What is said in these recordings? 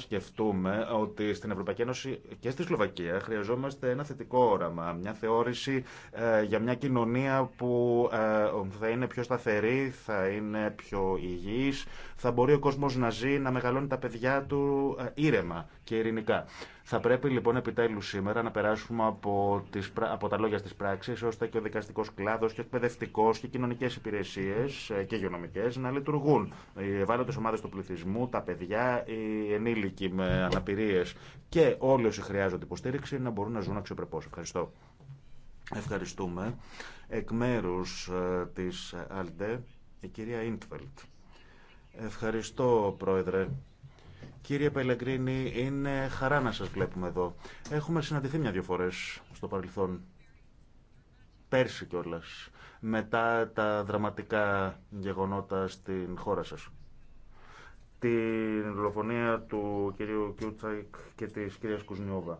σκεφτούμε ότι στην Ευρωπαϊκή Ένωση και στη Σλοβακία χρειαζόμαστε ένα θετικό όραμα, μια θεώρηση ε, για μια κοινωνία που ε, θα είναι πιο σταθερή, θα είναι πιο υγιής, θα μπορεί ο κόσμος να ζει, να μεγαλώνει τα παιδιά του ε, ήρεμα και ειρηνικά. Θα πρέπει λοιπόν επιτέλου σήμερα να περάσουμε από, τις, από τα λόγια στι πράξεις ώστε και ο δικαστικό κλάδος και ο εκπαιδευτικός και κοινωνικέ υπηρεσίες ε, και υγειονομικέ να λειτουργούν. Οι ευάλωτε ομάδες του πληθυσμού, τα παιδιά, οι ενήλικοι με αναπηρίες και όλοι όσοι χρειάζονται υποστήριξη να μπορούν να ζουν αξιοπρεπώ. Ευχαριστώ. Ευχαριστούμε. Εκ μέρου ε, τη ΑΛΤΕ, η κυρία Ιντφελτ. Ευχαριστώ, Πρόεδρε. Κύριε Πελεγκρίνη, είναι χαρά να σας βλέπουμε εδώ. Έχουμε συναντηθεί μια-δυο φορές στο παρελθόν. Πέρσι κιόλα, μετά τα δραματικά γεγονότα στην χώρα σας. Την δολοφονία του κυρίου Κιούτσαϊκ και της κυρίας Κουσνιόβα.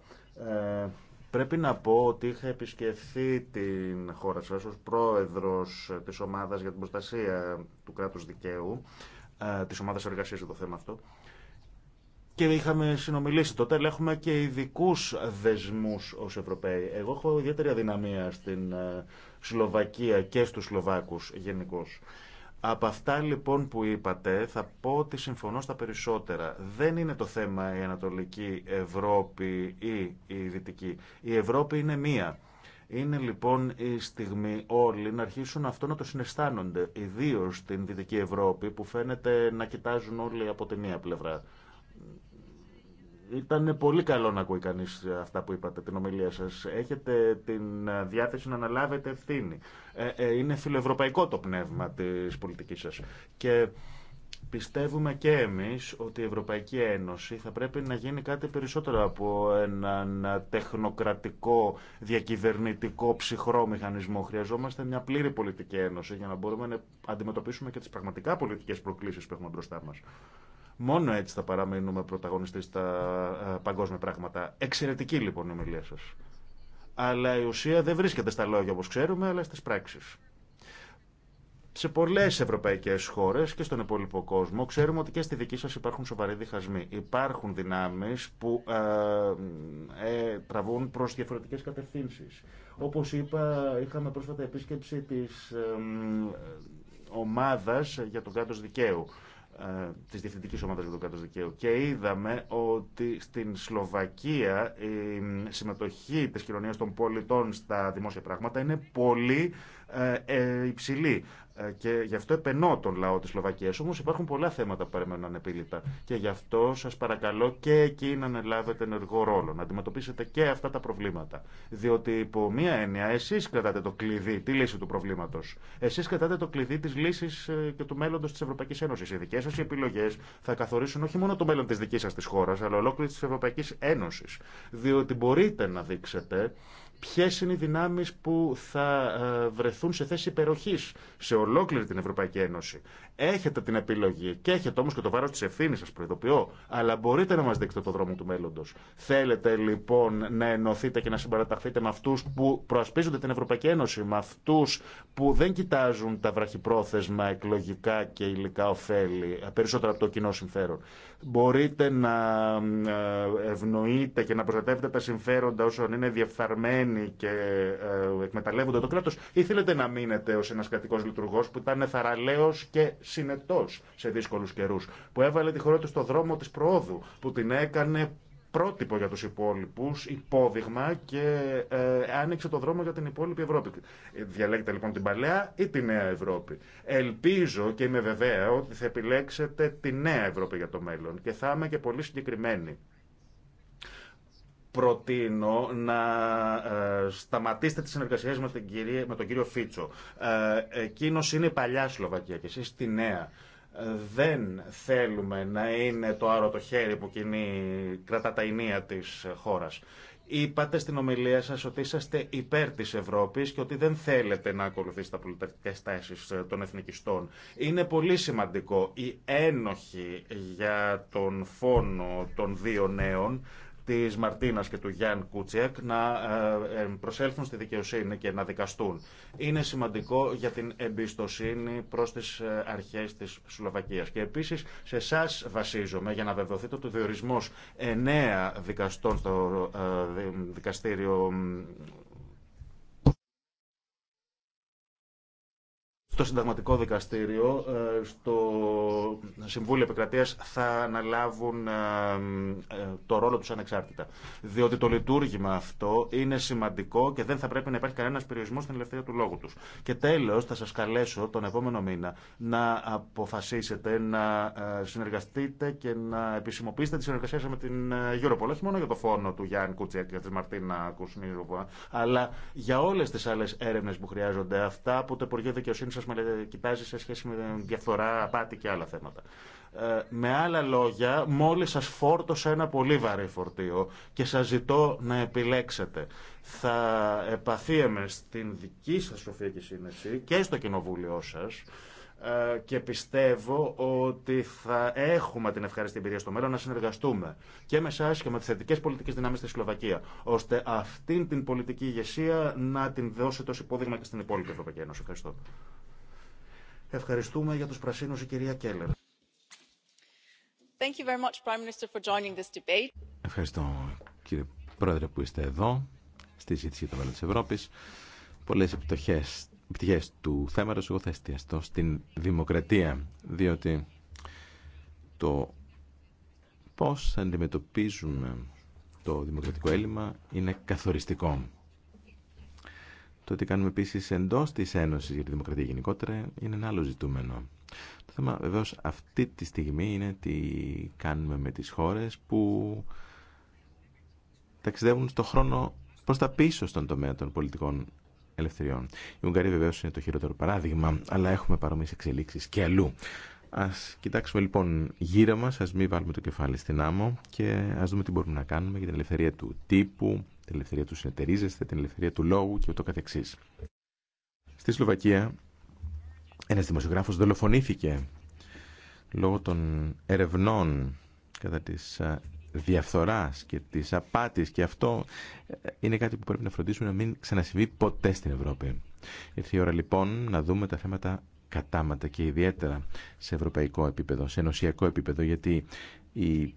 Ε, πρέπει να πω ότι είχα επισκεφθεί την χώρα σας ως πρόεδρος της ομάδας για την προστασία του κράτους δικαίου, ε, της ομάδας εργασίας για το θέμα αυτό, και είχαμε συνομιλήσει τότε, αλλά έχουμε και ειδικού δεσμού ω Ευρωπαίοι. Εγώ έχω ιδιαίτερη αδυναμία στην ε, Σλοβακία και στου Σλοβάκου γενικώ. Από αυτά λοιπόν που είπατε θα πω ότι συμφωνώ στα περισσότερα. Δεν είναι το θέμα η Ανατολική Ευρώπη ή η Δυτική. Η Ευρώπη είναι μία. Είναι λοιπόν η στιγμή όλοι να αρχίσουν αυτό να το συναισθάνονται, ιδίω στην Δυτική Ευρώπη που φαίνεται να κοιτάζουν όλοι από τη μία πλευρά. Ήταν πολύ καλό να ακούει κανεί αυτά που είπατε, την ομιλία σα. Έχετε την διάθεση να αναλάβετε ευθύνη. Ε, ε, είναι φιλοευρωπαϊκό το πνεύμα τη πολιτική σα. Και πιστεύουμε και εμεί ότι η Ευρωπαϊκή Ένωση θα πρέπει να γίνει κάτι περισσότερο από έναν τεχνοκρατικό, διακυβερνητικό, ψυχρό μηχανισμό. Χρειαζόμαστε μια πλήρη πολιτική ένωση για να μπορούμε να αντιμετωπίσουμε και τι πραγματικά πολιτικέ προκλήσει που έχουμε μπροστά μα. Μόνο έτσι θα παραμείνουμε πρωταγωνιστές στα ε, παγκόσμια πράγματα. Εξαιρετική λοιπόν η ομιλία σας. Αλλά η ουσία δεν βρίσκεται στα λόγια όπως ξέρουμε, αλλά στις πράξεις. Σε πολλέ ευρωπαϊκέ χώρε και στον υπόλοιπο κόσμο ξέρουμε ότι και στη δική σα υπάρχουν σοβαροί διχασμοί. Υπάρχουν δυνάμει που ε, ε, τραβούν προ διαφορετικέ κατευθύνσει. Όπω είπα, είχαμε πρόσφατα επίσκεψη τη ε, ομάδα για τον κράτο δικαίου ε, τη διευθυντική ομάδα για το κράτο δικαίου. Και είδαμε ότι στην Σλοβακία η συμμετοχή τη κοινωνία των πολιτών στα δημόσια πράγματα είναι πολύ ε, ε υψηλή. Ε, και γι' αυτό επενώ τον λαό τη Σλοβακία. Όμω υπάρχουν πολλά θέματα που παραμένουν ανεπίλητα. Και γι' αυτό σα παρακαλώ και εκεί να ανελάβετε ενεργό ρόλο, να αντιμετωπίσετε και αυτά τα προβλήματα. Διότι υπό μία έννοια εσεί κρατάτε το κλειδί, τη λύση του προβλήματο. Εσεί κρατάτε το κλειδί τη λύση ε, και του μέλλοντο τη Ευρωπαϊκή Ένωση. Οι δικέ σα επιλογέ θα καθορίσουν όχι μόνο το μέλλον τη δική σα τη χώρα, αλλά ολόκληρη τη Ευρωπαϊκή Ένωση. Διότι μπορείτε να δείξετε Ποιε είναι οι δυνάμει που θα ε, βρεθούν σε θέση υπεροχή σε ολόκληρη την Ευρωπαϊκή Ένωση. Έχετε την επιλογή και έχετε όμω και το βάρο τη ευθύνη σα, προειδοποιώ. Αλλά μπορείτε να μα δείξετε το δρόμο του μέλλοντο. Θέλετε λοιπόν να ενωθείτε και να συμπαραταχθείτε με αυτού που προασπίζονται την Ευρωπαϊκή Ένωση, με αυτού που δεν κοιτάζουν τα βραχυπρόθεσμα εκλογικά και υλικά ωφέλη περισσότερο από το κοινό συμφέρον. Μπορείτε να ε, ευνοείτε και να προστατεύετε τα συμφέροντα όσων είναι διεφθαρμένοι και ε, εκμεταλλεύονται το κράτο, ή θέλετε να μείνετε ω ένα κρατικό λειτουργό που ήταν θαραλέο και συνετό σε δύσκολου καιρού, που έβαλε τη χώρα του στο δρόμο τη προόδου, που την έκανε πρότυπο για τους υπόλοιπους, υπόδειγμα και ε, άνοιξε το δρόμο για την υπόλοιπη Ευρώπη. Διαλέγετε λοιπόν την παλαιά ή τη νέα Ευρώπη. Ελπίζω και είμαι βεβαία ότι θα επιλέξετε τη νέα Ευρώπη για το μέλλον και θα είμαι και πολύ συγκεκριμένη προτείνω να ε, σταματήσετε τις συνεργασίες με τον κύριο, με τον κύριο Φίτσο. Ε, εκείνος είναι η παλιά Σλοβακία και εσείς τη νέα. Ε, δεν θέλουμε να είναι το άρωτο χέρι που κινεί, κρατά τα ενία της χώρας. Είπατε στην ομιλία σας ότι είσαστε υπέρ της Ευρώπης και ότι δεν θέλετε να ακολουθήσετε τα πολιτικές τάσεις ε, των εθνικιστών. Είναι πολύ σημαντικό η ένοχη για τον φόνο των δύο νέων της Μαρτίνας και του Γιάνν Κούτσιακ να ε, ε, προσέλθουν στη δικαιοσύνη και να δικαστούν. Είναι σημαντικό για την εμπιστοσύνη προς τις ε, αρχές της Σλοβακία. Και επίσης σε εσά βασίζομαι για να βεβαιωθείτε ότι ο διορισμός εννέα δικαστών στο δικαστήριο το Συνταγματικό Δικαστήριο, ε, στο Συμβούλιο Επικρατεία θα αναλάβουν ε, ε, το ρόλο του ανεξάρτητα. Διότι το λειτουργήμα αυτό είναι σημαντικό και δεν θα πρέπει να υπάρχει κανένα περιορισμό στην ελευθερία του λόγου του. Και τέλο, θα σα καλέσω τον επόμενο μήνα να αποφασίσετε να συνεργαστείτε και να επισημοποιήσετε τη συνεργασία σας με την Europol. Όχι μόνο για το φόνο του Γιάννη Κουτσέκ και τη Μαρτίνα Κουσνίροβα, αλλά για όλε τι άλλε έρευνε που χρειάζονται. Αυτά που το Υπουργείο Δικαιοσύνη σα κοιτάζει σε σχέση με διαφθορά, απάτη και άλλα θέματα. Ε, με άλλα λόγια, μόλις σας φόρτωσα ένα πολύ βαρύ φορτίο και σα ζητώ να επιλέξετε. Θα επαφίεμαι στην δική σα σοφία και σύνεση και στο κοινοβούλιο σα, ε, και πιστεύω ότι θα έχουμε την ευχαριστή εμπειρία στο μέλλον να συνεργαστούμε και με εσά και με τι θετικέ πολιτικέ δυνάμει στη Σλοβακία, ώστε αυτή την πολιτική ηγεσία να την δώσετε ω υπόδειγμα και στην υπόλοιπη Ευρωπαϊκή Ένωση. Ευχαριστώ. Ευχαριστούμε για τους πρασίνους η κυρία Κέλλερ. Ευχαριστώ κύριε Πρόεδρε που είστε εδώ στη συζήτηση του το μέλλον της Ευρώπης. Πολλές επιτυχές, επιτυχές του θέματος εγώ θα εστιαστώ στην δημοκρατία διότι το πώς αντιμετωπίζουμε το δημοκρατικό έλλειμμα είναι καθοριστικό. Το τι κάνουμε επίση εντό τη Ένωση για τη Δημοκρατία γενικότερα είναι ένα άλλο ζητούμενο. Το θέμα βεβαίω αυτή τη στιγμή είναι τι κάνουμε με τι χώρε που ταξιδεύουν στον χρόνο προ τα πίσω στον τομέα των πολιτικών ελευθεριών. Η Ουγγαρία βεβαίω είναι το χειρότερο παράδειγμα, αλλά έχουμε παρόμοιε εξελίξει και αλλού. Α κοιτάξουμε λοιπόν γύρω μα, α μην βάλουμε το κεφάλι στην άμμο και α δούμε τι μπορούμε να κάνουμε για την ελευθερία του τύπου, την ελευθερία του συνεταιρίζεστε, την ελευθερία του λόγου και ούτω καθεξής. Στη Σλοβακία ένας δημοσιογράφος δολοφονήθηκε λόγω των ερευνών κατά της διαφθοράς και της απάτης και αυτό ε, είναι κάτι που πρέπει να φροντίσουμε να μην ξανασυμβεί ποτέ στην Ευρώπη. Ήρθε η ώρα λοιπόν να δούμε τα θέματα κατάματα και ιδιαίτερα σε ευρωπαϊκό επίπεδο, σε ενωσιακό επίπεδο γιατί η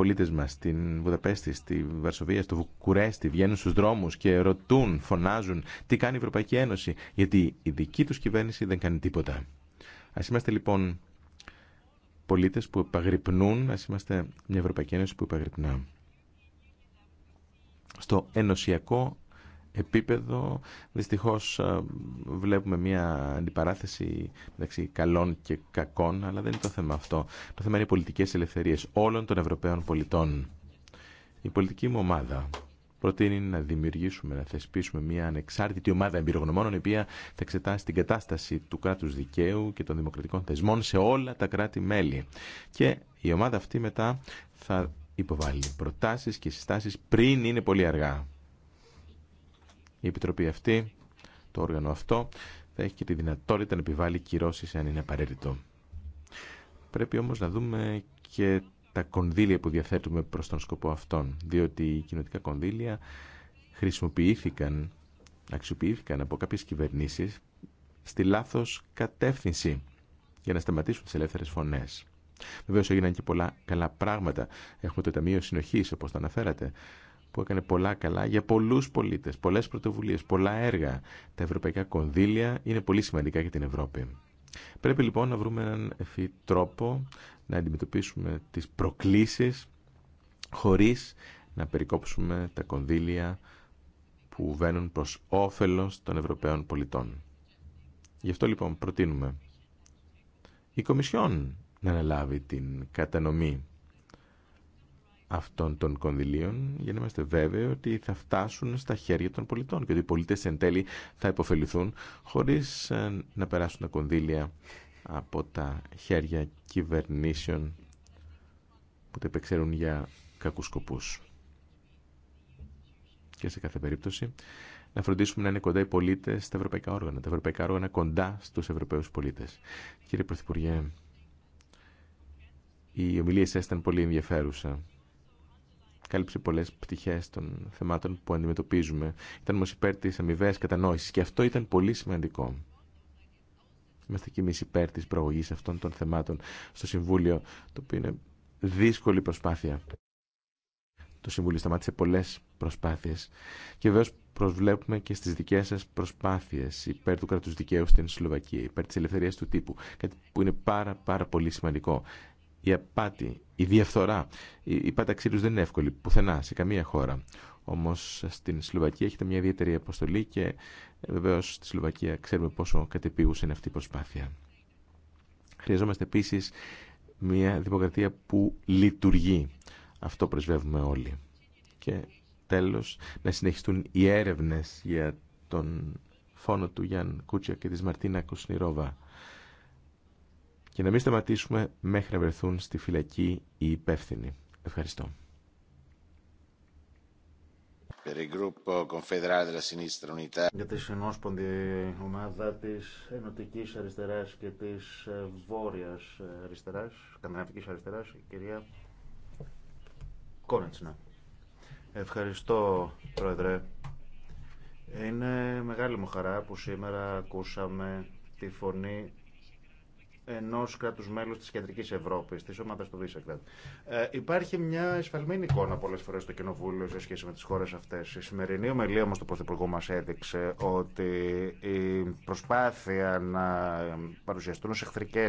πολίτες μας στην Βουδαπέστη, στη Βαρσοβία, στο Βουκουρέστι βγαίνουν στους δρόμους και ρωτούν, φωνάζουν τι κάνει η Ευρωπαϊκή Ένωση γιατί η δική του κυβέρνηση δεν κάνει τίποτα. Ας είμαστε λοιπόν πολίτες που επαγρυπνούν, ας είμαστε μια Ευρωπαϊκή Ένωση που επαγρυπνά. Στο ενωσιακό επίπεδο δυστυχώ, ε, βλέπουμε μια αντιπαράθεση μεταξύ καλών και κακών αλλά δεν είναι το θέμα αυτό το θέμα είναι οι πολιτικές ελευθερίες όλων των Ευρωπαίων πολιτών η πολιτική μου ομάδα προτείνει να δημιουργήσουμε, να θεσπίσουμε μια ανεξάρτητη ομάδα εμπειρογνωμόνων η οποία θα εξετάσει την κατάσταση του κράτου δικαίου και των δημοκρατικών θεσμών σε όλα τα κράτη-μέλη και η ομάδα αυτή μετά θα υποβάλει προτάσεις και συστάσεις πριν είναι πολύ αργά η Επιτροπή αυτή, το όργανο αυτό, θα έχει και τη δυνατότητα να επιβάλλει κυρώσει αν είναι απαραίτητο. Πρέπει όμως να δούμε και τα κονδύλια που διαθέτουμε προ τον σκοπό αυτόν, διότι οι κοινωτικά κονδύλια χρησιμοποιήθηκαν, αξιοποιήθηκαν από κάποιες κυβερνήσει στη λάθος κατεύθυνση για να σταματήσουν τι ελεύθερε φωνέ. Βεβαίω έγιναν και πολλά καλά πράγματα. Έχουμε το Ταμείο συνοχή όπω το αναφέρατε που έκανε πολλά καλά για πολλούς πολίτες, πολλές πρωτοβουλίες, πολλά έργα. Τα ευρωπαϊκά κονδύλια είναι πολύ σημαντικά για την Ευρώπη. Πρέπει λοιπόν να βρούμε έναν ευφύ τρόπο να αντιμετωπίσουμε τις προκλήσεις χωρίς να περικόψουμε τα κονδύλια που βαίνουν προς όφελος των Ευρωπαίων πολιτών. Γι' αυτό λοιπόν προτείνουμε η Κομισιόν να αναλάβει την κατανομή αυτών των κονδυλίων για να είμαστε βέβαιοι ότι θα φτάσουν στα χέρια των πολιτών και ότι οι πολίτες εν τέλει θα υποφεληθούν χωρίς ε, να περάσουν τα κονδύλια από τα χέρια κυβερνήσεων που τα επεξέρουν για κακούς σκοπούς. Και σε κάθε περίπτωση να φροντίσουμε να είναι κοντά οι πολίτες στα ευρωπαϊκά όργανα, τα ευρωπαϊκά όργανα κοντά στους ευρωπαίους πολίτες. Κύριε Πρωθυπουργέ, η ομιλία σας ήταν πολύ ενδιαφέρουσα κάλυψε πολλέ πτυχέ των θεμάτων που αντιμετωπίζουμε. Ήταν όμω υπέρ τη αμοιβαία κατανόηση και αυτό ήταν πολύ σημαντικό. Είμαστε κι εμεί υπέρ τη προογή αυτών των θεμάτων στο Συμβούλιο, το οποίο είναι δύσκολη προσπάθεια. Το Συμβούλιο σταμάτησε πολλέ προσπάθειε και βεβαίω προσβλέπουμε και στι δικέ σα προσπάθειε υπέρ του κράτου δικαίου στην Σλοβακία, υπέρ τη ελευθερία του τύπου. Κάτι που είναι πάρα, πάρα πολύ σημαντικό η απάτη, η διαφθορά, η πάταξη ξύλους δεν είναι εύκολη πουθενά σε καμία χώρα. Όμως στην Σλοβακία έχετε μια ιδιαίτερη αποστολή και ε, βεβαίω στη Σλοβακία ξέρουμε πόσο κατεπίγουσε είναι αυτή η προσπάθεια. Χρειαζόμαστε επίσης μια δημοκρατία που λειτουργεί. Αυτό πρεσβεύουμε όλοι. Και τέλος να συνεχιστούν οι έρευνες για τον φόνο του Γιάνν Κούτσια και της Μαρτίνα Κουσνιρόβα και να μην σταματήσουμε μέχρι να βρεθούν στη φυλακή οι υπεύθυνοι. Ευχαριστώ. Για τη συνόσπονδη ομάδα τη Ενωτική Αριστερά και τη Βόρεια Αριστερά, Σκανδιναβική Αριστερά, η κυρία Κόνετσνα. Ευχαριστώ, Πρόεδρε. Είναι μεγάλη μου χαρά που σήμερα ακούσαμε τη φωνή ενό κράτου μέλου τη Κεντρική Ευρώπη, τη ομάδα του Βίσεγκραντ. Ε, υπάρχει μια εσφαλμένη εικόνα πολλέ φορέ στο Κοινοβούλιο σε σχέση με τι χώρε αυτέ. Η σημερινή ομιλία όμω του Πρωθυπουργού μα έδειξε ότι η προσπάθεια να παρουσιαστούν ω εχθρικέ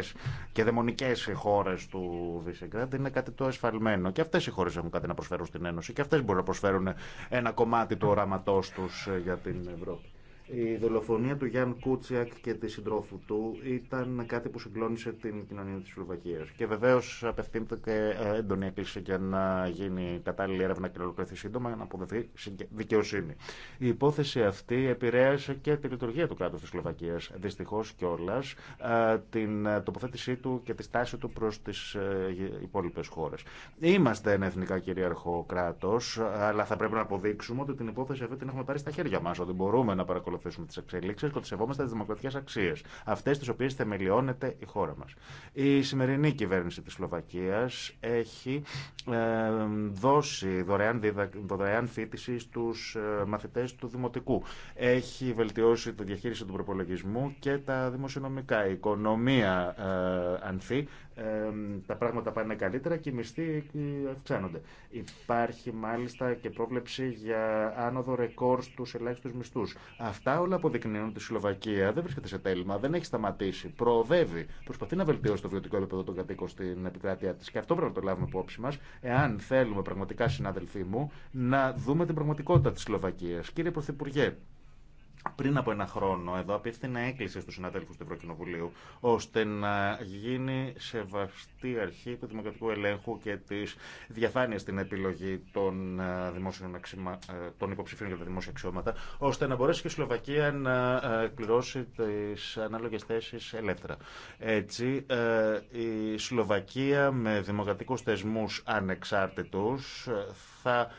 και δαιμονικέ οι χώρε του Βίσεγκραντ είναι κάτι το εσφαλμένο. Και αυτέ οι χώρε έχουν κάτι να προσφέρουν στην Ένωση και αυτέ μπορούν να προσφέρουν ένα κομμάτι του οράματό του ε, για την Ευρώπη. Η δολοφονία του Γιάνν Κούτσιακ και τη συντρόφου του ήταν κάτι που συγκλώνησε την κοινωνία τη Σλοβακία. Και βεβαίω απευθύνεται και ε, έντονη έκκληση για να γίνει κατάλληλη έρευνα και να ολοκληρωθεί σύντομα για να αποδοθεί δικαιοσύνη. Η υπόθεση αυτή επηρέασε και τη λειτουργία του κράτου τη Σλοβακία. Δυστυχώ κιόλα ε, την τοποθέτησή του και τη στάση του προ τι ε, υπόλοιπε χώρε. Είμαστε ένα εθνικά κυριαρχό κράτο, αλλά θα πρέπει να αποδείξουμε ότι την υπόθεση αυτή την έχουμε πάρει στα χέρια μα, ότι μπορούμε να παρακολουθήσουμε παρακολουθήσουμε τι εξελίξει και ότι σεβόμαστε τι δημοκρατικέ αξίε, αυτέ τι οποίε θεμελιώνεται η χώρα μα. Η σημερινή κυβέρνηση τη Σλοβακία έχει ε, δώσει δωρεάν, διδα... δωρεάν θήτηση στου ε, μαθητέ του Δημοτικού. Έχει βελτιώσει τη διαχείριση του προπολογισμού και τα δημοσιονομικά. Η οικονομία ε, ανθεί τα πράγματα πάνε καλύτερα και οι μισθοί ε, αυξάνονται. Υπάρχει μάλιστα και πρόβλεψη για άνοδο ρεκόρ στου ελάχιστου μισθού. Αυτά όλα αποδεικνύουν ότι η Σλοβακία δεν βρίσκεται σε τέλμα, δεν έχει σταματήσει, προοδεύει, προσπαθεί να βελτιώσει το βιωτικό επίπεδο των κατοίκων στην επικράτειά τη. Και αυτό πρέπει να το λάβουμε υπόψη μα, εάν θέλουμε πραγματικά, συναδελφοί μου, να δούμε την πραγματικότητα τη Σλοβακία. Κύριε Πρωθυπουργέ, πριν από ένα χρόνο εδώ απίφθηνα έκκληση στους συναδέλφους του Ευρωκοινοβουλίου ώστε να γίνει σεβαστή αρχή του δημοκρατικού ελέγχου και της διαφάνειας στην επιλογή των, ε, δημόσιων αξιμα... Ε, των υποψηφίων για τα δημόσια αξιώματα ώστε να μπορέσει και η Σλοβακία να ε, εκπληρώσει τις ανάλογες θέσεις ελεύθερα. Έτσι, η Σλοβακία με δημοκρατικούς θεσμούς ανεξάρτητους θα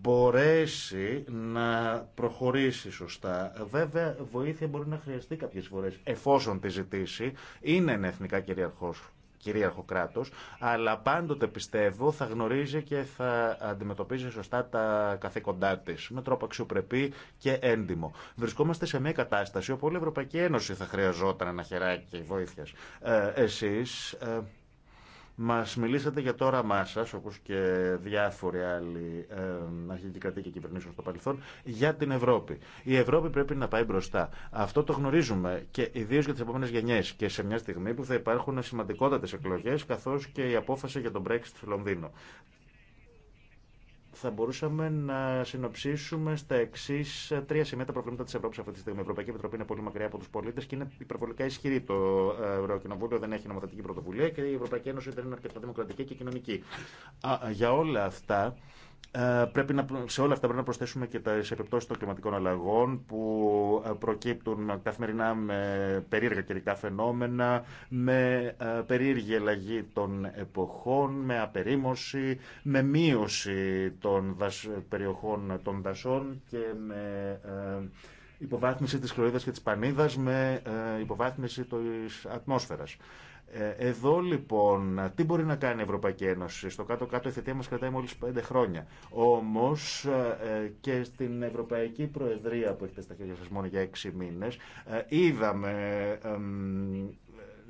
μπορέσει να προχωρήσει σωστά. Βέβαια, βοήθεια μπορεί να χρειαστεί κάποιες φορές, εφόσον τη ζητήσει. Είναι εθνικά κυριαρχός κυρίαρχο κράτο, αλλά πάντοτε πιστεύω θα γνωρίζει και θα αντιμετωπίζει σωστά τα καθήκοντά τη με τρόπο αξιοπρεπή και έντιμο. Βρισκόμαστε σε μια κατάσταση όπου όλη η Ευρωπαϊκή Ένωση θα χρειαζόταν ένα χεράκι βοήθεια. Ε, ε μας μιλήσατε για το όραμά σας, όπως και διάφοροι άλλοι ε, αρχικοί και κυβερνήσεων στο παρελθόν, για την Ευρώπη. Η Ευρώπη πρέπει να πάει μπροστά. Αυτό το γνωρίζουμε και ιδίω για τις επόμενες γενιές και σε μια στιγμή που θα υπάρχουν σημαντικότατες εκλογές καθώς και η απόφαση για τον Brexit στο Λονδίνο θα μπορούσαμε να συνοψίσουμε στα εξή τρία σημεία τα προβλήματα τη Ευρώπη αυτή τη στιγμή. Η Ευρωπαϊκή Επιτροπή είναι πολύ μακριά από του πολίτε και είναι υπερβολικά ισχυρή. Το Ευρωκοινοβούλιο δεν έχει νομοθετική πρωτοβουλία και η Ευρωπαϊκή Ένωση δεν είναι αρκετά δημοκρατική και κοινωνική. για όλα αυτά ε, πρέπει να, σε όλα αυτά πρέπει να προσθέσουμε και τα επιπτώσεις των κλιματικών αλλαγών που ε, προκύπτουν καθημερινά με περίεργα καιρικά φαινόμενα, με ε, περίεργη αλλαγή των εποχών, με απερίμωση, με μείωση των περιοχών των δασών και με υποβάθμιση της χλωρίδας και της πανίδας, με υποβάθμιση της ατμόσφαιρας. Ε, εδώ λοιπόν, τι μπορεί να κάνει η Ευρωπαϊκή Ένωση. Στο κάτω-κάτω η θετία μα κρατάει μόλι πέντε χρόνια. Όμω ε, και στην Ευρωπαϊκή Προεδρία που έχετε στα χέρια σα μόνο για έξι μήνε, ε, είδαμε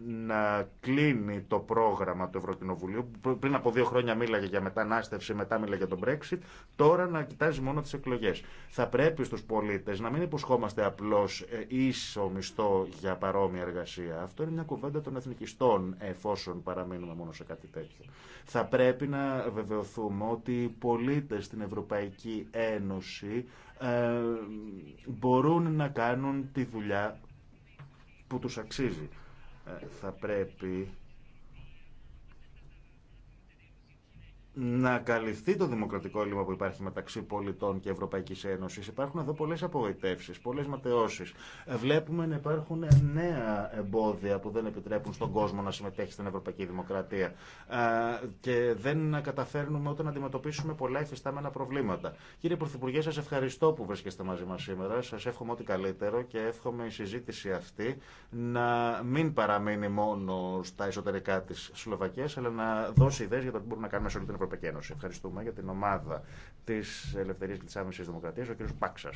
να κλείνει το πρόγραμμα του Ευρωκοινοβουλίου, που πριν από δύο χρόνια μίλαγε για μετανάστευση, μετά μίλαγε για τον Brexit, τώρα να κοιτάζει μόνο τι εκλογέ. Θα πρέπει στου πολίτε να μην υποσχόμαστε απλώ ε, ίσο μισθό για παρόμοια εργασία. Αυτό είναι μια κουβέντα των εθνικιστών, εφόσον παραμείνουμε μόνο σε κάτι τέτοιο. Θα πρέπει να βεβαιωθούμε ότι οι πολίτε στην Ευρωπαϊκή Ένωση ε, μπορούν να κάνουν τη δουλειά που τους αξίζει θα πρέπει να καλυφθεί το δημοκρατικό έλλειμμα που υπάρχει μεταξύ πολιτών και Ευρωπαϊκή Ένωση. Υπάρχουν εδώ πολλέ απογοητεύσει, πολλέ ματαιώσει. Βλέπουμε να υπάρχουν νέα εμπόδια που δεν επιτρέπουν στον κόσμο να συμμετέχει στην Ευρωπαϊκή Δημοκρατία και δεν καταφέρνουμε ούτε να αντιμετωπίσουμε πολλά εφιστάμενα προβλήματα. Κύριε Πρωθυπουργέ, σα ευχαριστώ που βρίσκεστε μαζί μα σήμερα. Σα εύχομαι ό,τι καλύτερο και εύχομαι η συζήτηση αυτή να μην παραμείνει μόνο στα εσωτερικά τη Σλοβακία, αλλά να δώσει ιδέε για το τι μπορούμε να κάνουμε σε όλη την Ευρωπαϊκή. Ευχαριστούμε για την ομάδα τη Ελευθερία και τη Άμεση Δημοκρατία, ο κ. Πάξα.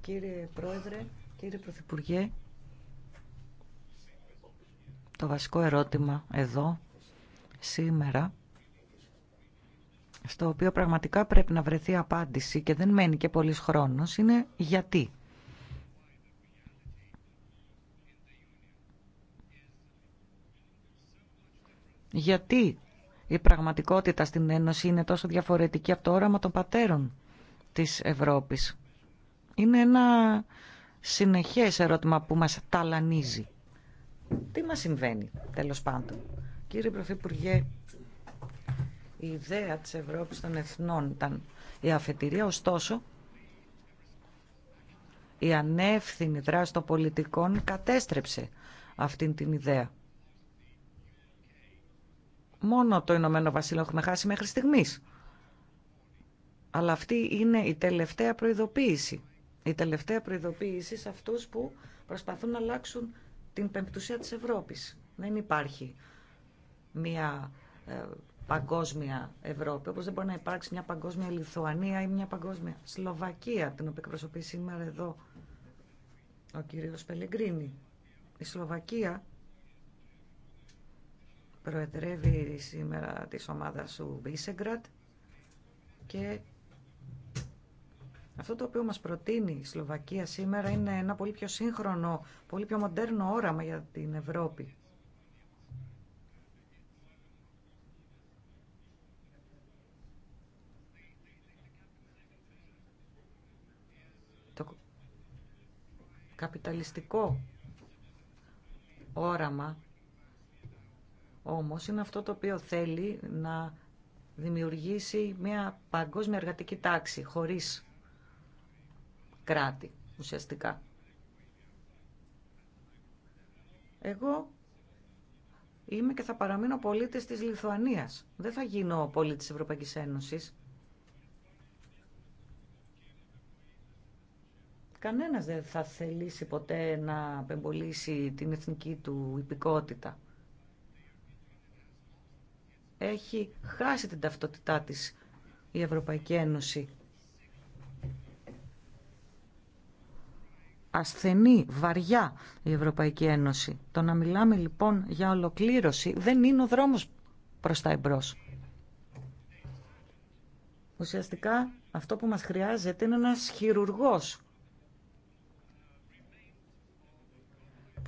Κύριε Πρόεδρε, κύριε Πρωθυπουργέ, το βασικό ερώτημα εδώ σήμερα στο οποίο πραγματικά πρέπει να βρεθεί απάντηση και δεν μένει και πολύς χρόνος είναι γιατί Γιατί η πραγματικότητα στην Ένωση είναι τόσο διαφορετική από το όραμα των πατέρων της Ευρώπης. Είναι ένα συνεχές ερώτημα που μας ταλανίζει. Τι μας συμβαίνει, τέλος πάντων. Κύριε Πρωθυπουργέ, η ιδέα της Ευρώπης των Εθνών ήταν η αφετηρία, ωστόσο, η ανεύθυνη δράση των πολιτικών κατέστρεψε αυτήν την ιδέα. Μόνο το Ηνωμένο Βασίλειο έχουμε χάσει μέχρι στιγμής. Αλλά αυτή είναι η τελευταία προειδοποίηση. Η τελευταία προειδοποίηση σε αυτούς που προσπαθούν να αλλάξουν την πεμπτουσία της Ευρώπης. Δεν υπάρχει μια ε, παγκόσμια Ευρώπη, όπως δεν μπορεί να υπάρξει μια παγκόσμια Λιθουανία ή μια παγκόσμια Σλοβακία, την οποία εκπροσωπεί σήμερα εδώ ο κύριος Πελεγκρίνη. Η Σλοβακία προεδρεύει σήμερα της ομάδα του Βίσεγκρατ και αυτό το οποίο μας προτείνει η Σλοβακία σήμερα είναι ένα πολύ πιο σύγχρονο, πολύ πιο μοντέρνο όραμα για την Ευρώπη. Το καπιταλιστικό όραμα όμως είναι αυτό το οποίο θέλει να δημιουργήσει μια παγκόσμια εργατική τάξη χωρίς κράτη ουσιαστικά. Εγώ είμαι και θα παραμείνω πολίτης της Λιθουανίας. Δεν θα γίνω πολίτης της Ευρωπαϊκής Ένωσης. Κανένας δεν θα θελήσει ποτέ να απεμπολίσει την εθνική του υπηκότητα έχει χάσει την ταυτότητά της η Ευρωπαϊκή Ένωση. Ασθενή, βαριά η Ευρωπαϊκή Ένωση. Το να μιλάμε λοιπόν για ολοκλήρωση δεν είναι ο δρόμος προς τα εμπρός. Ουσιαστικά αυτό που μας χρειάζεται είναι ένας χειρουργός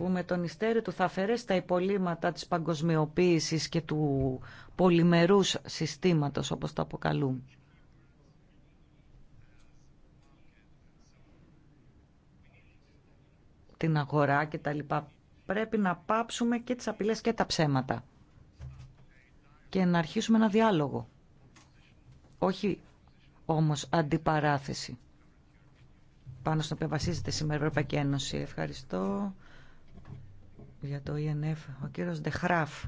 που με τον Ιστέρι του θα αφαιρέσει τα υπολείμματα της παγκοσμιοποίησης και του πολυμερούς συστήματος, όπως το αποκαλούν. την αγορά και τα λοιπά. Πρέπει να πάψουμε και τις απειλές και τα ψέματα. Και να αρχίσουμε ένα διάλογο. Όχι όμως αντιπαράθεση. Πάνω στον οποίο βασίζεται σήμερα η Ευρωπαϊκή Ένωση. Ευχαριστώ για το ΙΕΝΕΦ, e ο κύριος Ντεχράφ.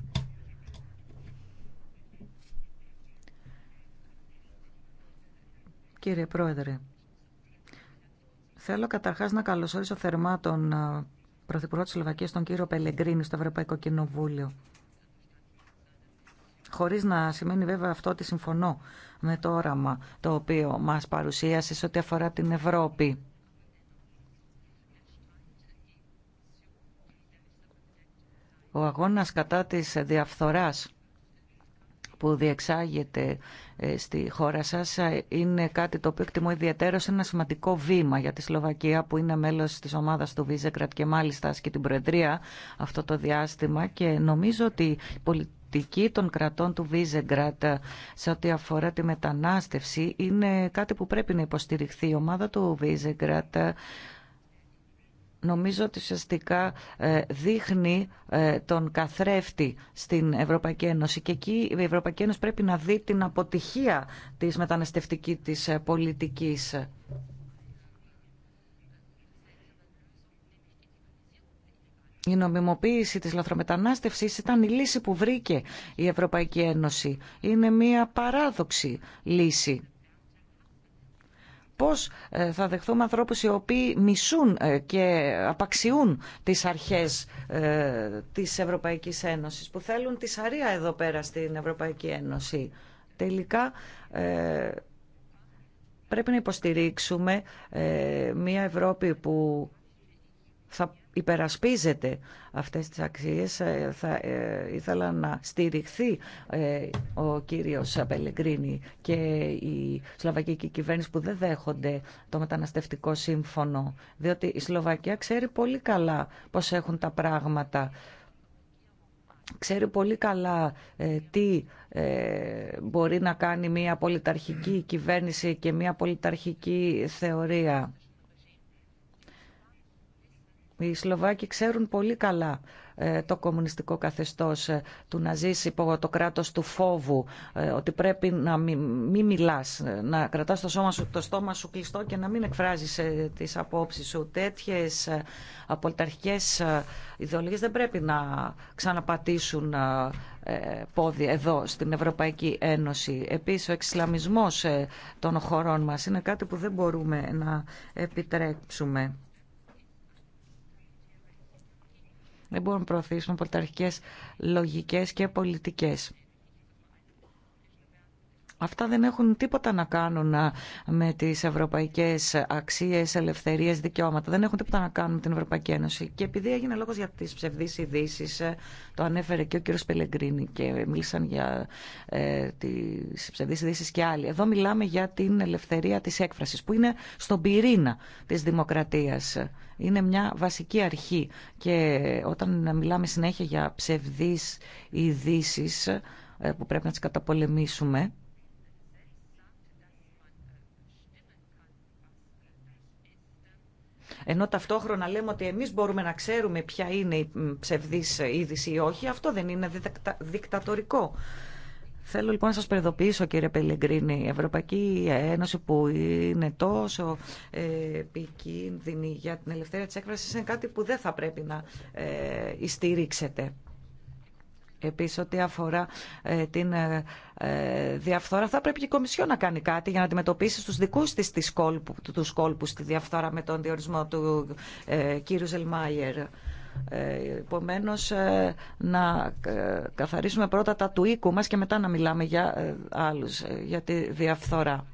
Κύριε Πρόεδρε, θέλω καταρχάς να καλωσορίσω θερμά τον ε, Πρωθυπουργό της Σλοβακίας, τον κύριο Πελεγκρίνη, στο Ευρωπαϊκό Κοινοβούλιο. Χωρίς να σημαίνει βέβαια αυτό ότι συμφωνώ με το όραμα το οποίο μας παρουσίασε ό,τι αφορά την Ευρώπη Ο αγώνας κατά της διαφθοράς που διεξάγεται ε, στη χώρα σας ε, είναι κάτι το οποίο εκτιμώ ιδιαίτερο σε ένα σημαντικό βήμα για τη Σλοβακία που είναι μέλος της ομάδας του Βίζεκρατ και μάλιστα και την Προεδρία αυτό το διάστημα και νομίζω ότι η πολιτική των κρατών του Βίζεγκρατ σε ό,τι αφορά τη μετανάστευση είναι κάτι που πρέπει να υποστηριχθεί. Η ομάδα του Βίζεγκρατ νομίζω ότι ουσιαστικά ε, δείχνει ε, τον καθρέφτη στην Ευρωπαϊκή Ένωση και εκεί η Ευρωπαϊκή Ένωση πρέπει να δει την αποτυχία της μεταναστευτικής της ε, πολιτικής. Η νομιμοποίηση της λαθρομετανάστευσης ήταν η λύση που βρήκε η Ευρωπαϊκή Ένωση. Είναι μια παράδοξη λύση Πώς ε, θα δεχθούμε ανθρώπους οι οποίοι μισούν ε, και απαξιούν τις αρχές ε, της Ευρωπαϊκής Ένωσης, που θέλουν τη σαρία εδώ πέρα στην Ευρωπαϊκή Ένωση. Τελικά πρέπει να υποστηρίξουμε μια Ευρώπη που θα υπερασπίζεται αυτές τις αξίες ε, θα ε, ήθελα να στηριχθεί ε, ο κύριος Πελεγκρίνη και η Σλοβακική κυβέρνηση που δεν δέχονται το μεταναστευτικό σύμφωνο διότι η Σλοβακία ξέρει πολύ καλά πώς έχουν τα πράγματα ξέρει πολύ καλά τι μπορεί να κάνει μια πολιταρχική κυβέρνηση και μια πολιταρχική θεωρία οι Σλοβάκοι ξέρουν πολύ καλά ε, το κομμουνιστικό καθεστώς ε, του να ζήσει υπό το κράτος του φόβου ε, ότι πρέπει να μην, μη μιλάς, να κρατάς το, σώμα σου, το στόμα σου κλειστό και να μην εκφράζεις τις απόψεις σου. Τέτοιες απολυταρχικές ιδεολογίες δεν πρέπει να ξαναπατήσουν πόδι εδώ στην Ευρωπαϊκή Ένωση. Επίσης ο εξισλαμισμός των χωρών μας είναι κάτι που δεν μπορούμε να επιτρέψουμε. Δεν μπορούμε να προωθήσουμε πολιταρχικές λογικές και πολιτικές. Αυτά δεν έχουν τίποτα να κάνουν με τις ευρωπαϊκές αξίες, ελευθερίες, δικαιώματα. Δεν έχουν τίποτα να κάνουν με την Ευρωπαϊκή Ένωση. Και επειδή έγινε λόγος για τις ψευδείς ειδήσει, ε, το ανέφερε και ο κύριος Πελεγκρίνη και μίλησαν για ε, τις ψευδείς ειδήσει και άλλοι. Εδώ μιλάμε για την ελευθερία της έκφρασης που είναι στον πυρήνα της δημοκρατίας. Είναι μια βασική αρχή και όταν μιλάμε συνέχεια για ψευδείς ειδήσει ε, που πρέπει να τις καταπολεμήσουμε Ενώ ταυτόχρονα λέμε ότι εμείς μπορούμε να ξέρουμε ποια είναι η ψευδής είδηση ή όχι, αυτό δεν είναι δικτατορικό. Θέλω λοιπόν να σας προειδοποιήσω κύριε Πελεγκρίνη, η Ευρωπαϊκή Ένωση που είναι τόσο ε, επικίνδυνη για την ελευθερία της έκφρασης είναι κάτι που δεν θα πρέπει να ε, Επίσης, ό,τι αφορά ε, την ε, ε, διαφθορά, θα πρέπει και η Κομισιό να κάνει κάτι για να αντιμετωπίσει στους δικούς της τις κόλπου, τους κόλπους τη διαφθορά με τον διορισμό του κύριου Ζελμάιερ. Επομένω, να καθαρίσουμε πρώτα τα του οίκου μας και μετά να μιλάμε για άλλους, για τη διαφθορά.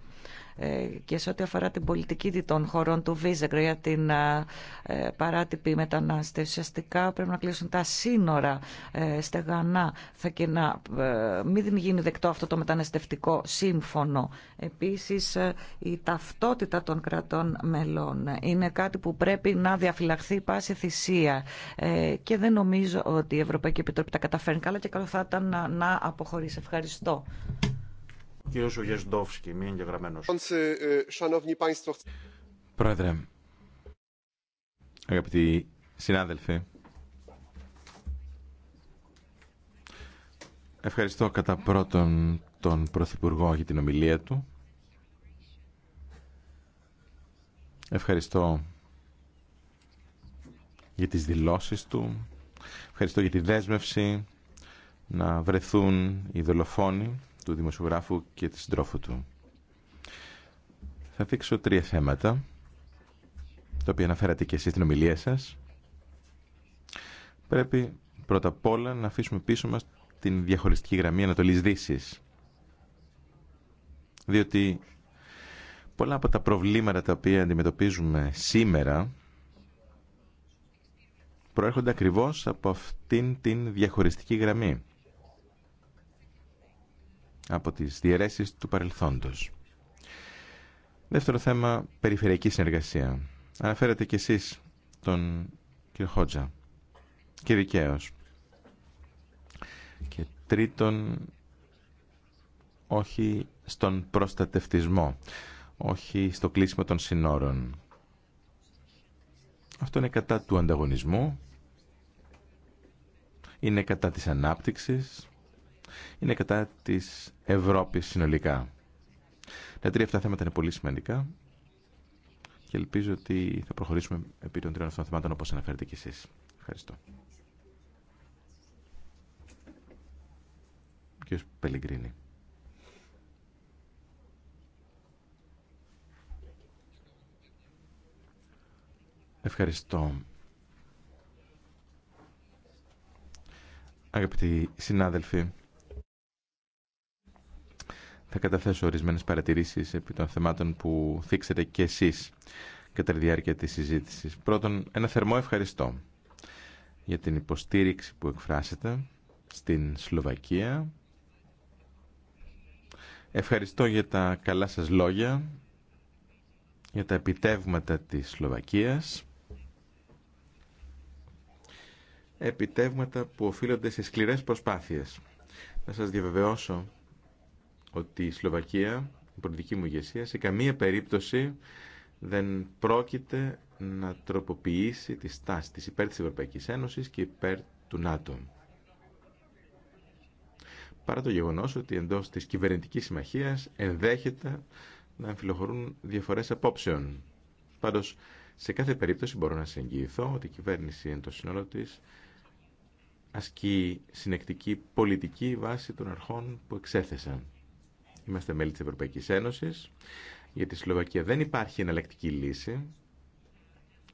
Ε, και σε ό,τι αφορά την πολιτική των χωρών του Βίζεγκρ για την ε, ε, παράτυπη μετανάστευση. Ουσιαστικά πρέπει να κλείσουν τα σύνορα στεγανά θα και να μην γίνει δεκτό αυτό το μεταναστευτικό σύμφωνο. Επίσης η ταυτότητα των κρατών μελών είναι κάτι που πρέπει να διαφυλαχθεί πάση θυσία και δεν νομίζω ότι η Ευρωπαϊκή Επιτροπή τα καταφέρνει καλά και καλό θα ήταν να αποχωρήσει. Ευχαριστώ. Ε, ε, Πρόεδρε, αγαπητοί συνάδελφοι, ευχαριστώ κατά πρώτον τον Πρωθυπουργό για την ομιλία του. Ευχαριστώ για τις δηλώσεις του. Ευχαριστώ για τη δέσμευση να βρεθούν οι δολοφόνοι του δημοσιογράφου και τη συντρόφου του. Θα δείξω τρία θέματα, τα οποία αναφέρατε και εσείς στην ομιλία σας. Πρέπει πρώτα απ' όλα να αφήσουμε πίσω μας την διαχωριστική γραμμή Ανατολής Δύσης. Διότι πολλά από τα προβλήματα τα οποία αντιμετωπίζουμε σήμερα προέρχονται ακριβώς από αυτήν την διαχωριστική γραμμή από τις διαιρέσεις του παρελθόντος. Δεύτερο θέμα, περιφερειακή συνεργασία. Αναφέρατε κι εσείς τον κύριο Χότζα και δικαίω. Και τρίτον, όχι στον προστατευτισμό, όχι στο κλείσιμο των συνόρων. Αυτό είναι κατά του ανταγωνισμού, είναι κατά της ανάπτυξης, είναι κατά της Ευρώπης συνολικά. Τα τρία αυτά θέματα είναι πολύ σημαντικά και ελπίζω ότι θα προχωρήσουμε επί των τριών αυτών θεμάτων όπως αναφέρετε και εσείς. Ευχαριστώ. Ευχαριστώ. Αγαπητοί συνάδελφοι, θα καταθέσω ορισμένες παρατηρήσεις επί των θεμάτων που θίξετε και εσείς κατά τη διάρκεια της συζήτησης. Πρώτον, ένα θερμό ευχαριστώ για την υποστήριξη που εκφράσετε στην Σλοβακία. Ευχαριστώ για τα καλά σας λόγια, για τα επιτεύγματα της Σλοβακίας. Επιτεύγματα που οφείλονται σε σκληρές προσπάθειες. Να σας διαβεβαιώσω ότι η Σλοβακία, η πολιτική μου ηγεσία, σε καμία περίπτωση δεν πρόκειται να τροποποιήσει τη στάση της υπέρ της Ευρωπαϊκής Ένωσης και υπέρ του ΝΑΤΟ. Παρά το γεγονός ότι εντός της κυβερνητικής συμμαχίας ενδέχεται να εμφυλοχωρούν διαφορές απόψεων. Πάντως, σε κάθε περίπτωση μπορώ να συγγυηθώ ότι η κυβέρνηση εν το σύνολο ασκεί συνεκτική πολιτική βάση των αρχών που εξέθεσαν. Είμαστε μέλη της Ευρωπαϊκής Ένωσης. Για τη Σλοβακία δεν υπάρχει εναλλακτική λύση.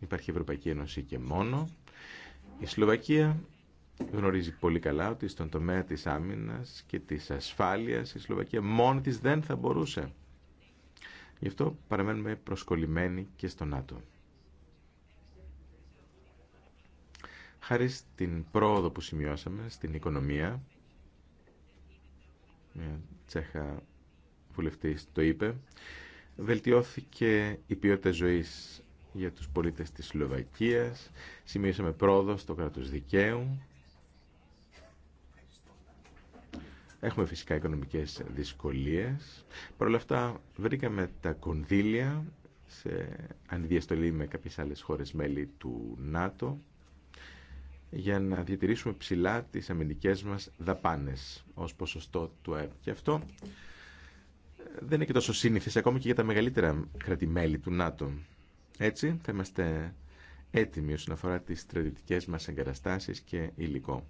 Υπάρχει Ευρωπαϊκή Ένωση και μόνο. Η Σλοβακία γνωρίζει πολύ καλά ότι στον τομέα της άμυνας και της ασφάλειας η Σλοβακία μόνη της δεν θα μπορούσε. Γι' αυτό παραμένουμε προσκολλημένοι και στο ΝΑΤΟ. Χάρη στην πρόοδο που σημειώσαμε στην οικονομία, μια τσέχα βουλευτής το είπε, βελτιώθηκε η ποιότητα ζωής για τους πολίτες της Σλοβακίας, σημειώσαμε πρόοδο στο κράτος δικαίου, Έχουμε φυσικά οικονομικές δυσκολίες. Παρ' όλα αυτά βρήκαμε τα κονδύλια σε ανδιαστολή με κάποιες άλλες χώρες μέλη του ΝΑΤΟ για να διατηρήσουμε ψηλά τις αμυντικές μας δαπάνες ως ποσοστό του ΑΕΠ. Και αυτό δεν είναι και τόσο σύνηθε ακόμη και για τα μεγαλύτερα κρατημέλη του ΝΑΤΟ. Έτσι θα είμαστε έτοιμοι όσον αφορά τις στρατιωτικές μας εγκαταστάσεις και υλικό.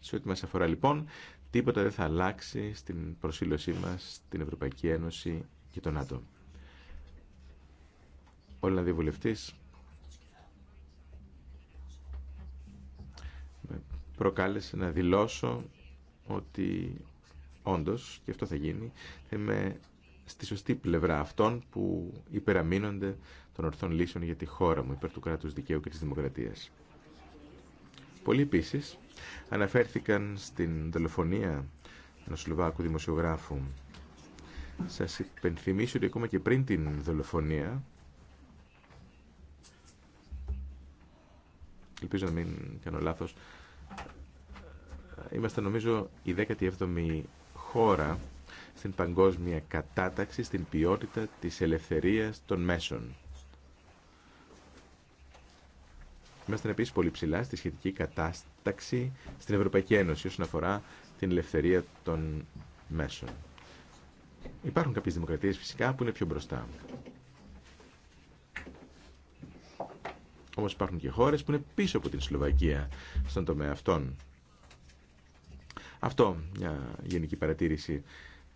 Σε ό,τι μας αφορά λοιπόν, τίποτα δεν θα αλλάξει στην προσήλωσή μας στην Ευρωπαϊκή Ένωση και τον ΝΑΤΟ. Ο Ολλανδιοβουλευτής με προκάλεσε να δηλώσω ότι Όντω, και αυτό θα γίνει, θα είμαι στη σωστή πλευρά αυτών που υπεραμείνονται των ορθών λύσεων για τη χώρα μου, υπέρ του κράτου δικαίου και τη δημοκρατίας. Πολλοί επίση αναφέρθηκαν στην δολοφονία ενός Σλοβάκου δημοσιογράφου. Σας υπενθυμίσω ότι ακόμα και πριν την δολοφονία, ελπίζω να μην κάνω λάθος, είμαστε νομίζω η 17η χώρα στην παγκόσμια κατάταξη, στην ποιότητα της ελευθερίας των μέσων. Είμαστε επίσης πολύ ψηλά στη σχετική κατάσταξη στην Ευρωπαϊκή Ένωση όσον αφορά την ελευθερία των μέσων. Υπάρχουν κάποιες δημοκρατίες φυσικά που είναι πιο μπροστά. Όμως υπάρχουν και χώρες που είναι πίσω από την Σλοβακία στον τομέα αυτών. Αυτό μια γενική παρατήρηση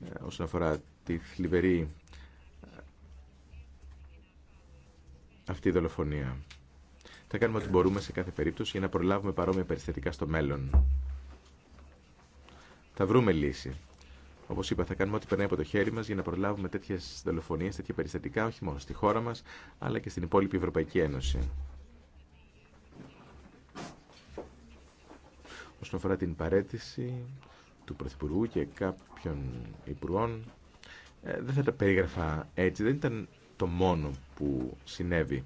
ε, όσον αφορά τη θλιβερή ε, αυτή η δολοφονία. Θα κάνουμε ό,τι μπορούμε σε κάθε περίπτωση για να προλάβουμε παρόμοια περιστατικά στο μέλλον. Θα βρούμε λύση. Όπω είπα, θα κάνουμε ό,τι περνάει από το χέρι μα για να προλάβουμε τέτοιε δολοφονίε, τέτοια περιστατικά, όχι μόνο στη χώρα μα, αλλά και στην υπόλοιπη Ευρωπαϊκή Ένωση. όσον αφορά την παρέτηση του Πρωθυπουργού και κάποιων υπουργών ε, δεν θα τα περίγραφα έτσι, δεν ήταν το μόνο που συνέβη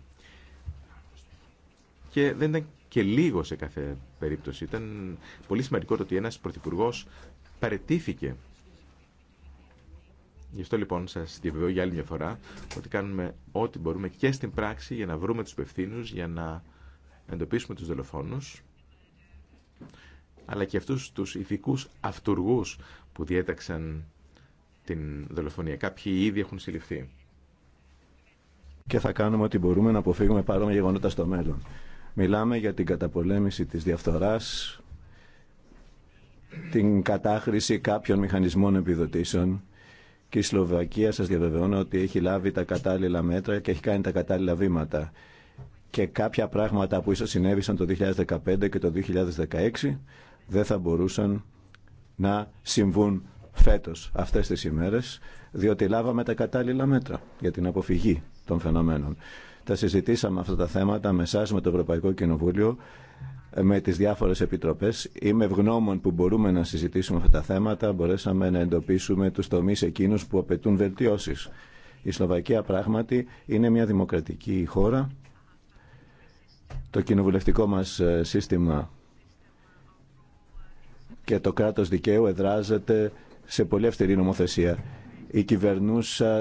και δεν ήταν και λίγο σε κάθε περίπτωση. Ήταν πολύ σημαντικό το ότι ένας Πρωθυπουργό παρετήθηκε. Γι' αυτό λοιπόν σας διαβεβαιώ για άλλη μια φορά ότι κάνουμε ό,τι μπορούμε και στην πράξη για να βρούμε τους υπευθύνους, για να εντοπίσουμε τους δολοφόνους αλλά και αυτούς τους ηθικούς αυτουργούς που διέταξαν την δολοφονία. Κάποιοι ήδη έχουν συλληφθεί. Και θα κάνουμε ό,τι μπορούμε να αποφύγουμε παρόμοια γεγονότα στο μέλλον. Μιλάμε για την καταπολέμηση της διαφθοράς, την κατάχρηση κάποιων μηχανισμών επιδοτήσεων και η Σλοβακία σας διαβεβαιώνω ότι έχει λάβει τα κατάλληλα μέτρα και έχει κάνει τα κατάλληλα βήματα. Και κάποια πράγματα που ίσως συνέβησαν το 2015 και το 2016 δεν θα μπορούσαν να συμβούν φέτος αυτές τις ημέρες, διότι λάβαμε τα κατάλληλα μέτρα για την αποφυγή των φαινομένων. Τα συζητήσαμε αυτά τα θέματα με εσά, με το Ευρωπαϊκό Κοινοβούλιο, με τις διάφορες επιτροπές. Είμαι ευγνώμων που μπορούμε να συζητήσουμε αυτά τα θέματα, μπορέσαμε να εντοπίσουμε τους τομείς εκείνους που απαιτούν βελτιώσεις. Η Σλοβακία πράγματι είναι μια δημοκρατική χώρα. Το κοινοβουλευτικό μας ε, σύστημα και το κράτος δικαίου εδράζεται σε πολύ αυστηρή νομοθεσία. Η κυβερνούσα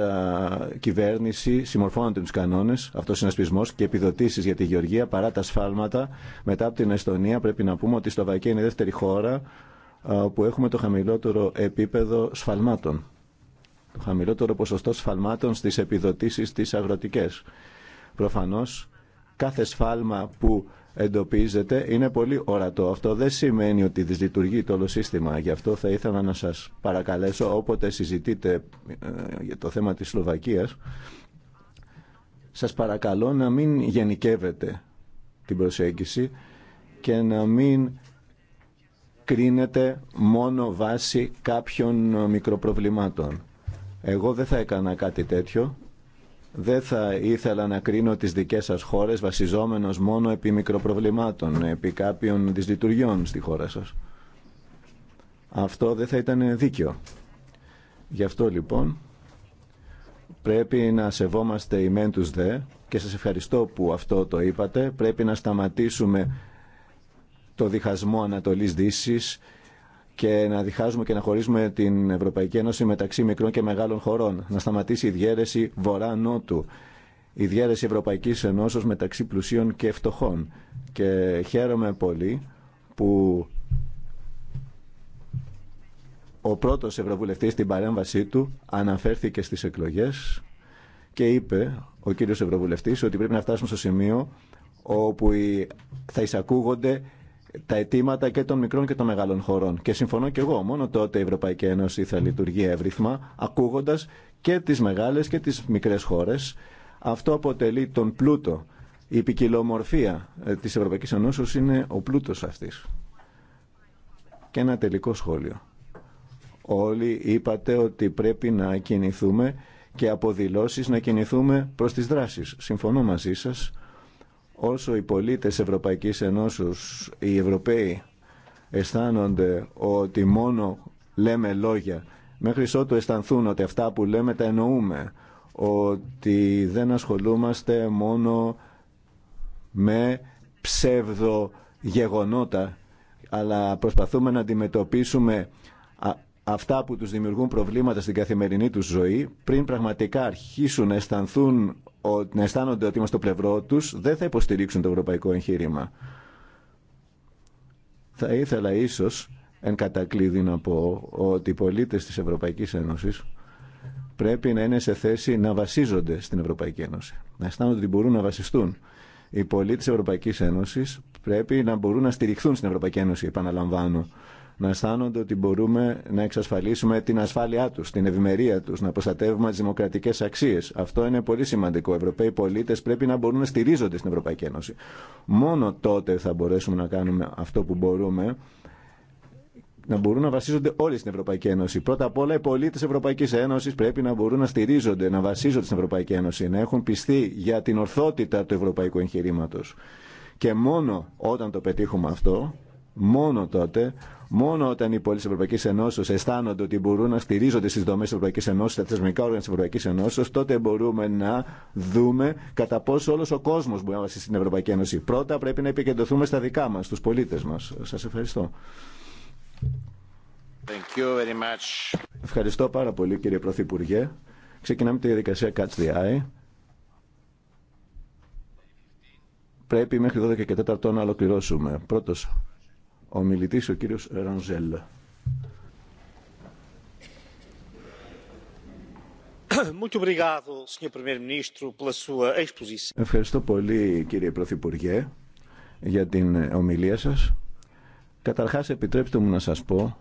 κυβέρνηση συμμορφώνονται του κανόνε, αυτό είναι ασπισμό και επιδοτήσει για τη Γεωργία παρά τα σφάλματα. Μετά από την Εστονία, πρέπει να πούμε ότι η Σλοβακία είναι η δεύτερη χώρα που έχουμε το χαμηλότερο επίπεδο σφαλμάτων. Το χαμηλότερο ποσοστό σφαλμάτων στι επιδοτήσει τις αγροτικές. Προφανώ κάθε σφάλμα που εντοπίζεται είναι πολύ ορατό. Αυτό δεν σημαίνει ότι δυσλειτουργεί το όλο σύστημα. Γι' αυτό θα ήθελα να σας παρακαλέσω όποτε συζητείτε ε, για το θέμα της Σλοβακίας σας παρακαλώ να μην γενικεύετε την προσέγγιση και να μην κρίνετε μόνο βάση κάποιων μικροπροβλημάτων. Εγώ δεν θα έκανα κάτι τέτοιο δεν θα ήθελα να κρίνω τις δικές σας χώρες βασιζόμενος μόνο επί μικροπροβλημάτων, επί κάποιων δυσλειτουργιών στη χώρα σας. Αυτό δεν θα ήταν δίκαιο. Γι' αυτό λοιπόν πρέπει να σεβόμαστε οι μεν τους δε και σας ευχαριστώ που αυτό το είπατε. Πρέπει να σταματήσουμε το διχασμό Ανατολής Δύσης και να διχάζουμε και να χωρίζουμε την Ευρωπαϊκή Ένωση μεταξύ μικρών και μεγάλων χωρών. Να σταματήσει η διέρεση βορρά-νότου. Η διέρεση Ευρωπαϊκή Ενώσεω μεταξύ πλουσίων και φτωχών. Και χαίρομαι πολύ που ο πρώτο Ευρωβουλευτής στην παρέμβασή του αναφέρθηκε στι εκλογέ και είπε ο κύριος Ευρωβουλευτής ότι πρέπει να φτάσουμε στο σημείο όπου θα εισακούγονται τα αιτήματα και των μικρών και των μεγάλων χωρών. Και συμφωνώ και εγώ, μόνο τότε η Ευρωπαϊκή Ένωση θα λειτουργεί εύρυθμα, ακούγοντα και τι μεγάλε και τι μικρέ χώρε. Αυτό αποτελεί τον πλούτο. Η ποικιλομορφία ε, τη Ευρωπαϊκή Ενώσεω είναι ο πλούτο αυτή. Και ένα τελικό σχόλιο. Όλοι είπατε ότι πρέπει να κινηθούμε και από δηλώσει να κινηθούμε προς τις δράσεις. Συμφωνώ μαζί σας Όσο οι πολίτες Ευρωπαϊκής Ενώσεως, οι Ευρωπαίοι, αισθάνονται ότι μόνο λέμε λόγια, μέχρι ότου αισθανθούν ότι αυτά που λέμε τα εννοούμε, ότι δεν ασχολούμαστε μόνο με ψεύδο γεγονότα αλλά προσπαθούμε να αντιμετωπίσουμε αυτά που τους δημιουργούν προβλήματα στην καθημερινή τους ζωή, πριν πραγματικά αρχίσουν να, αισθανθούν, να αισθάνονται ότι είμαστε στο πλευρό τους, δεν θα υποστηρίξουν το ευρωπαϊκό εγχείρημα. Θα ήθελα ίσως, εν κατακλείδη να πω, ότι οι πολίτες της Ευρωπαϊκής Ένωσης πρέπει να είναι σε θέση να βασίζονται στην Ευρωπαϊκή Ένωση. Να αισθάνονται ότι μπορούν να βασιστούν. Οι πολίτες της Ευρωπαϊκής Ένωσης πρέπει να μπορούν να στηριχθούν στην Ευρωπαϊκή Ένωση, επαναλαμβάνω να αισθάνονται ότι μπορούμε να εξασφαλίσουμε την ασφάλειά τους, την ευημερία τους, να προστατεύουμε τις δημοκρατικές αξίες. Αυτό είναι πολύ σημαντικό. Οι Ευρωπαίοι πολίτες πρέπει να μπορούν να στηρίζονται στην Ευρωπαϊκή Ένωση. Μόνο τότε θα μπορέσουμε να κάνουμε αυτό που μπορούμε να μπορούν να βασίζονται όλοι στην Ευρωπαϊκή Ένωση. Πρώτα απ' όλα, οι πολίτε Ευρωπαϊκή Ένωση πρέπει να μπορούν να στηρίζονται, να βασίζονται στην Ευρωπαϊκή Ένωση, να έχουν πιστεί για την ορθότητα του ευρωπαϊκού εγχειρήματο. Και μόνο όταν το πετύχουμε αυτό, Μόνο τότε, μόνο όταν οι πόλει τη Ευρωπαϊκή Ενώσεω αισθάνονται ότι μπορούν να στηρίζονται στι δομέ τη Ευρωπαϊκή Ενώσεω, στα θεσμικά όργανα τη Ευρωπαϊκή Ενώση, τότε μπορούμε να δούμε κατά πόσο όλο ο κόσμο μπορεί να βασίσει στην Ευρωπαϊκή Ένωση. Πρώτα πρέπει να επικεντρωθούμε στα δικά μα, στου πολίτε μα. Σα ευχαριστώ. Thank you very much. Ευχαριστώ πάρα πολύ κύριε Πρωθυπουργέ. Ξεκινάμε τη διαδικασία Catch the Eye. Πρέπει μέχρι 12 και 4 να ολοκληρώσουμε. Πρώτος ο μιλητής ο κύριος Ρανζέλ. Ευχαριστώ πολύ κύριε Πρωθυπουργέ για την ομιλία σας. Καταρχάς επιτρέψτε μου να σας πω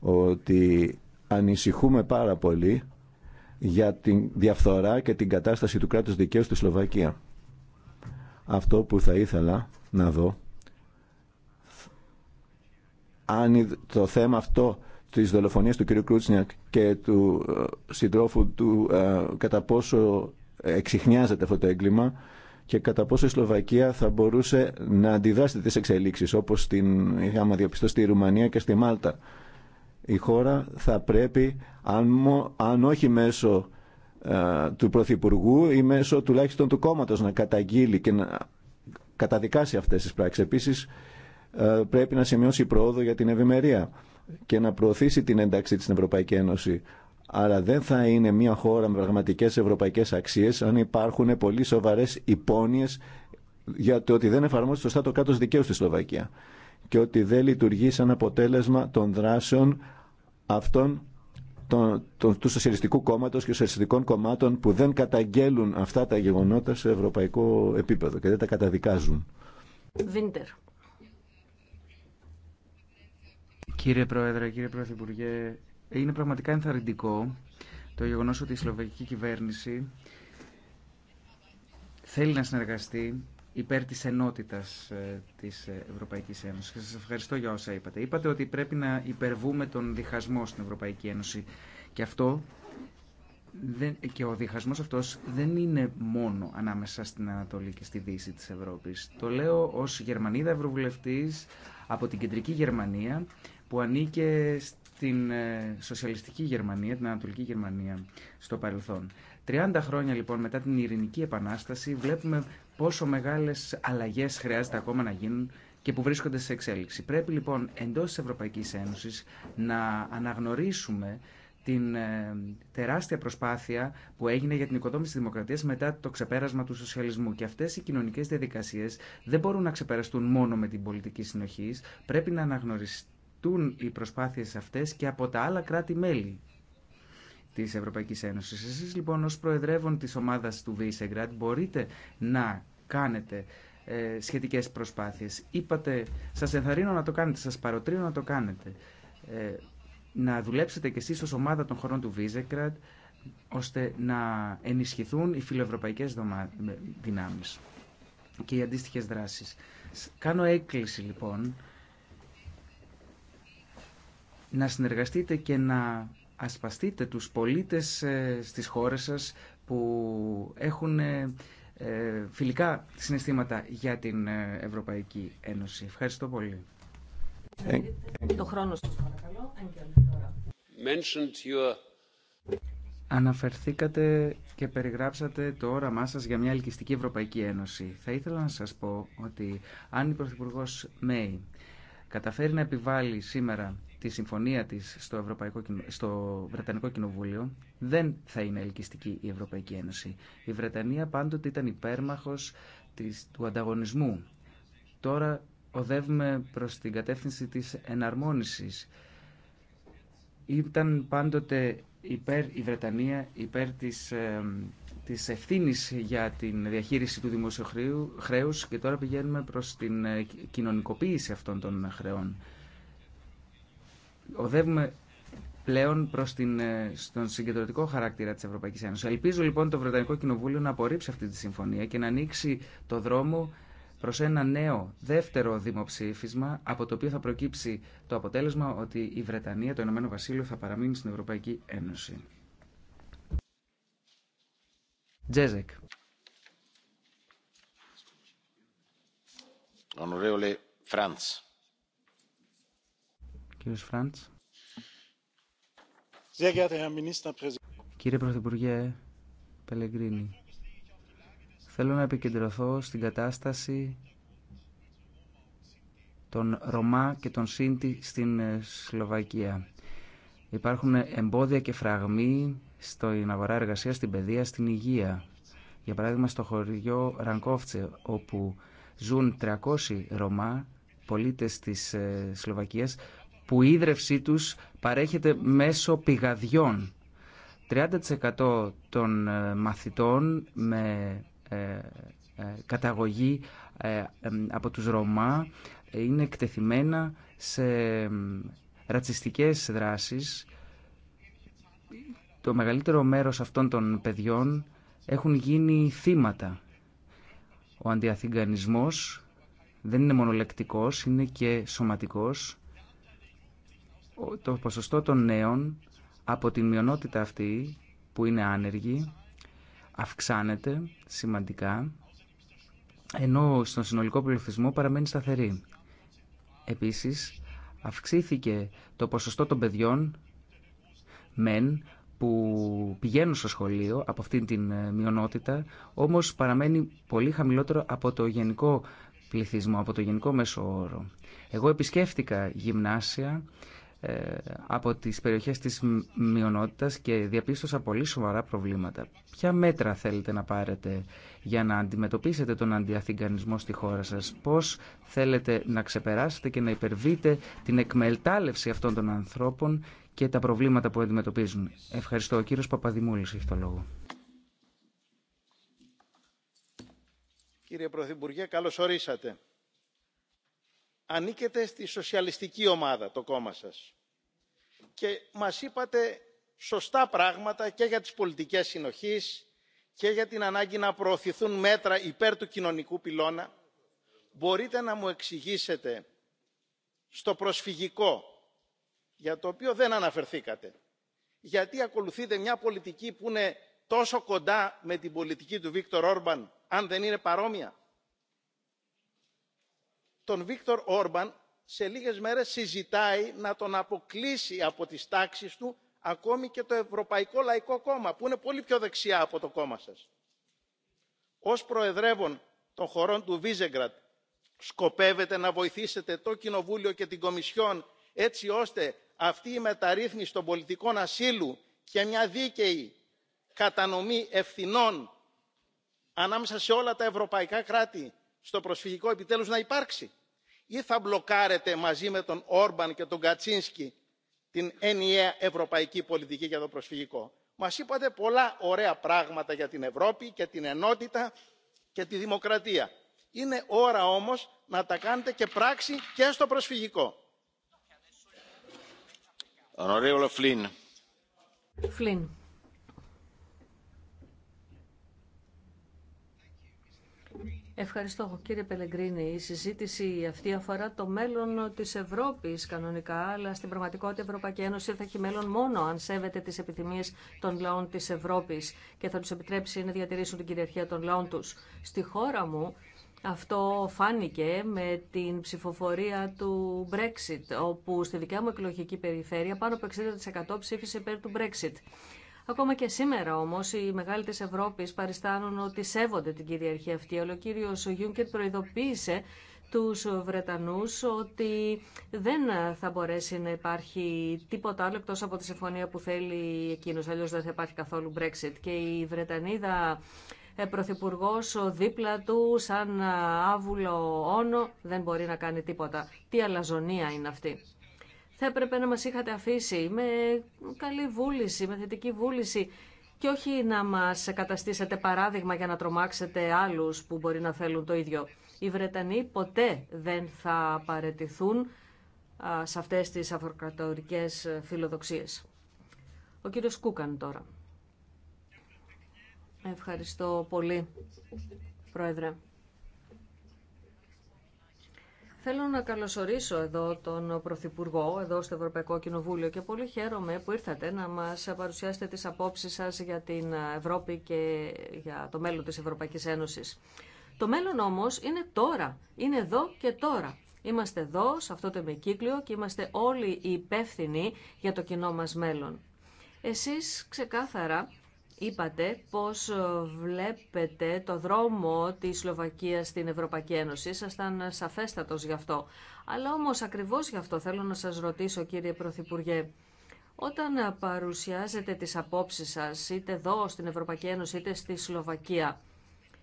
ότι ανησυχούμε πάρα πολύ για την διαφθορά και την κατάσταση του κράτους δικαίου στη Σλοβακία. Αυτό που θα ήθελα να δω αν το θέμα αυτό της δολοφονίας του κ. Κρούτσνιακ και του ε, συντρόφου του ε, κατά πόσο εξηχνιάζεται αυτό το έγκλημα και κατά πόσο η Σλοβακία θα μπορούσε να αντιδράσει τις εξελίξεις όπως την είχαμε διαπιστώσει στη Ρουμανία και στη Μάλτα. Η χώρα θα πρέπει, αν, αν όχι μέσω ε, του Πρωθυπουργού ή μέσω τουλάχιστον του κόμματος να καταγγείλει και να καταδικάσει αυτές τις πράξεις. Επίσης, ε, πρέπει να σημειώσει πρόοδο για την ευημερία και να προωθήσει την ένταξη της στην Ευρωπαϊκή Ένωση. Αλλά δεν θα είναι μια χώρα με πραγματικέ ευρωπαϊκές αξίες αν υπάρχουν πολύ σοβαρές υπόνοιες για το ότι δεν εφαρμόζει σωστά το κράτος δικαίου στη Σλοβακία και ότι δεν λειτουργεί σαν αποτέλεσμα των δράσεων αυτών του Σοσιαλιστικού Κόμματο και Σοσιαλιστικών Κομμάτων που δεν καταγγέλουν αυτά τα γεγονότα σε ευρωπαϊκό επίπεδο και δεν τα καταδικάζουν. Βίντερ. Κύριε Πρόεδρε, κύριε Πρωθυπουργέ, είναι πραγματικά ενθαρρυντικό το γεγονός ότι η Σλοβακική κυβέρνηση θέλει να συνεργαστεί υπέρ της ενότητας ε, της ε, Ευρωπαϊκής Ένωσης. Και σας ευχαριστώ για όσα είπατε. Είπατε ότι πρέπει να υπερβούμε τον διχασμό στην Ευρωπαϊκή Ένωση. Και αυτό δεν, και ο διχασμός αυτός δεν είναι μόνο ανάμεσα στην Ανατολή και στη Δύση της Ευρώπης. Το λέω ως Γερμανίδα Ευρωβουλευτής, από την κεντρική Γερμανία που ανήκε στην ε, σοσιαλιστική Γερμανία, την Ανατολική Γερμανία στο παρελθόν. 30 χρόνια λοιπόν μετά την Ειρηνική Επανάσταση βλέπουμε πόσο μεγάλες αλλαγές χρειάζεται ακόμα να γίνουν και που βρίσκονται σε εξέλιξη. Πρέπει λοιπόν εντός της Ευρωπαϊκής Ένωσης να αναγνωρίσουμε την ε, τεράστια προσπάθεια που έγινε για την οικοδόμηση της δημοκρατίας μετά το ξεπέρασμα του σοσιαλισμού. Και αυτές οι κοινωνικές διαδικασίες δεν μπορούν να ξεπεραστούν μόνο με την πολιτική συνοχή. Πρέπει να αναγνωριστούν οι προσπάθειες αυτές και από τα άλλα κράτη-μέλη τη Ευρωπαϊκή Ένωση. Εσεί λοιπόν, ω προεδρεύων τη ομάδα του Βίσεγκραντ, μπορείτε να κάνετε ε, σχετικέ προσπάθειε. Είπατε, σα ενθαρρύνω να το κάνετε, σα παροτρύνω να το κάνετε. Ε, να δουλέψετε κι εσείς ως ομάδα των χωρών του Βίζεκρατ ώστε να ενισχυθούν οι φιλοευρωπαϊκές δυνάμεις και οι αντίστοιχες δράσεις. Κάνω έκκληση λοιπόν να συνεργαστείτε και να ασπαστείτε τους πολίτες ε, στις χώρες σας που έχουν ε, ε, φιλικά συναισθήματα για την Ευρωπαϊκή Ένωση. Ευχαριστώ πολύ. Το χρόνο Αναφερθήκατε και περιγράψατε το όραμά σας για μια ελκυστική Ευρωπαϊκή Ένωση. Θα ήθελα να σας πω ότι αν η Πρωθυπουργό Μέη καταφέρει να επιβάλλει σήμερα τη συμφωνία της στο, Ευρωπαϊκό, στο Βρετανικό Κοινοβούλιο, δεν θα είναι ελκυστική η Ευρωπαϊκή Ένωση. Η Βρετανία πάντοτε ήταν υπέρμαχος της, του ανταγωνισμού. Τώρα οδεύουμε προς την κατεύθυνση της εναρμόνισης ήταν πάντοτε υπέρ η Βρετανία, υπέρ της, ε, της ευθύνης για την διαχείριση του δημόσιου χρέους και τώρα πηγαίνουμε προς την ε, κοινωνικοποίηση αυτών των χρεών. Οδεύουμε πλέον προς την, ε, στον συγκεντρωτικό χαρακτήρα της Ευρωπαϊκής Ένωσης. Ελπίζω λοιπόν το Βρετανικό Κοινοβούλιο να απορρίψει αυτή τη συμφωνία και να ανοίξει το δρόμο προς ένα νέο δεύτερο δημοψήφισμα από το οποίο θα προκύψει το αποτέλεσμα ότι η Βρετανία, το Ηνωμένο Βασίλειο θα παραμείνει στην Ευρωπαϊκή Ένωση. Τζέζεκ. Ονορέολε Φραντς. Κύριος Φραντς. Κύριε Πρωθυπουργέ Πελεγκρίνη, Θέλω να επικεντρωθώ στην κατάσταση των Ρωμά και των Σύντη στην ε, Σλοβακία. Υπάρχουν εμπόδια και φραγμοί στην αγορά εργασία στην παιδεία, στην υγεία. Για παράδειγμα στο χωριό Ρανκόφτσε, όπου ζουν 300 Ρωμά, πολίτες της ε, Σλοβακίας, που η ίδρευσή τους παρέχεται μέσω πηγαδιών. 30% των ε, μαθητών με ε, ε, καταγωγή ε, από τους Ρωμά είναι εκτεθειμένα σε ρατσιστικές δράσεις. Το μεγαλύτερο μέρος αυτών των παιδιών έχουν γίνει θύματα. Ο αντιαθυγανισμός δεν είναι μονολεκτικός, είναι και σωματικός. Το ποσοστό των νέων από τη μειονότητα αυτή που είναι άνεργη αυξάνεται σημαντικά, ενώ στον συνολικό πληθυσμό παραμένει σταθερή. Επίσης, αυξήθηκε το ποσοστό των παιδιών μεν που πηγαίνουν στο σχολείο από αυτήν την ε, μειονότητα, όμως παραμένει πολύ χαμηλότερο από το γενικό πληθυσμό, από το γενικό μέσο όρο. Εγώ επισκέφτηκα γυμνάσια ε, από τις περιοχές της μειονότητας και διαπίστωσα πολύ σοβαρά προβλήματα. Ποια μέτρα θέλετε να πάρετε για να αντιμετωπίσετε τον αντιαθηγανισμό στη χώρα σας, πώς θέλετε να ξεπεράσετε και να υπερβείτε την εκμετάλλευση αυτών των ανθρώπων και τα προβλήματα που αντιμετωπίζουν. Ευχαριστώ. Ο κύριος Παπαδημούλης έχει το λόγο. Κύριε Πρωθυπουργέ, καλώς ορίσατε ανήκετε στη σοσιαλιστική ομάδα το κόμμα σας και μας είπατε σωστά πράγματα και για τις πολιτικές συνοχής και για την ανάγκη να προωθηθούν μέτρα υπέρ του κοινωνικού πυλώνα. Μπορείτε να μου εξηγήσετε στο προσφυγικό για το οποίο δεν αναφερθήκατε γιατί ακολουθείτε μια πολιτική που είναι τόσο κοντά με την πολιτική του Βίκτορ Όρμπαν αν δεν είναι παρόμοια τον βίκτορ όρμπαν σε λίγες μέρες συζητάει να τον αποκλείσει από τις τάξεις του ακόμη και το Ευρωπαϊκό Λαϊκό Κόμμα που είναι πολύ πιο δεξιά από το κόμμα σας. Ως προεδρεύων των χωρών του Βίζεγκρατ σκοπεύετε να βοηθήσετε το Κοινοβούλιο και την Κομισιόν έτσι ώστε αυτή η μεταρρύθμιση των πολιτικών ασύλου και μια δίκαιη κατανομή ευθυνών ανάμεσα σε όλα τα ευρωπαϊκά κράτη στο προσφυγικό επιτέλους να υπάρξει ή θα μπλοκάρετε μαζί με τον όρμπαν και τον κατσίνσκι την ενιαία ευρωπαϊκή πολιτική για το προσφυγικό. Μας είπατε πολλά ωραία πράγματα για την Ευρώπη και την ενότητα και τη δημοκρατία. Είναι ώρα όμως να τα κάνετε και πράξη και στο προσφυγικό. Φλίν. Ευχαριστώ κύριε Πελεγκρίνη. Η συζήτηση αυτή αφορά το μέλλον τη Ευρώπη κανονικά, αλλά στην πραγματικότητα η Ευρωπαϊκή Ένωση θα έχει μέλλον μόνο αν σέβεται τι επιθυμίε των λαών τη Ευρώπη και θα του επιτρέψει να διατηρήσουν την κυριαρχία των λαών του. Στη χώρα μου αυτό φάνηκε με την ψηφοφορία του Brexit, όπου στη δικιά μου εκλογική περιφέρεια πάνω από 60% ψήφισε υπέρ του Brexit. Ακόμα και σήμερα όμως οι μεγάλοι τη Ευρώπη παριστάνουν ότι σέβονται την κυριαρχία αυτή. Ο κύριο Γιούνκερ προειδοποίησε τους Βρετανούς ότι δεν θα μπορέσει να υπάρχει τίποτα άλλο εκτός από τη συμφωνία που θέλει εκείνος, αλλιώς δεν θα υπάρχει καθόλου Brexit. Και η Βρετανίδα ε, Πρωθυπουργό δίπλα του σαν άβουλο όνο δεν μπορεί να κάνει τίποτα. Τι αλαζονία είναι αυτή θα έπρεπε να μας είχατε αφήσει με καλή βούληση, με θετική βούληση και όχι να μας καταστήσετε παράδειγμα για να τρομάξετε άλλους που μπορεί να θέλουν το ίδιο. Οι Βρετανοί ποτέ δεν θα παρετηθούν σε αυτές τις αφροκρατορικές φιλοδοξίες. Ο κύριος Κούκαν τώρα. Ευχαριστώ πολύ, Πρόεδρε. Θέλω να καλωσορίσω εδώ τον Πρωθυπουργό, εδώ στο Ευρωπαϊκό Κοινοβούλιο και πολύ χαίρομαι που ήρθατε να μας παρουσιάσετε τις απόψεις σας για την Ευρώπη και για το μέλλον της Ευρωπαϊκής Ένωσης. Το μέλλον όμως είναι τώρα, είναι εδώ και τώρα. Είμαστε εδώ, σε αυτό το εμικύκλιο και είμαστε όλοι οι υπεύθυνοι για το κοινό μας μέλλον. Εσείς ξεκάθαρα είπατε πώς ε, βλέπετε το δρόμο της Σλοβακίας στην Ευρωπαϊκή Ένωση. Ήσασταν σαφέστατος γι' αυτό. Αλλά όμως ακριβώς γι' αυτό θέλω να σας ρωτήσω κύριε Πρωθυπουργέ. Όταν παρουσιάζετε τις απόψεις σας είτε εδώ στην Ευρωπαϊκή Ένωση είτε στη Σλοβακία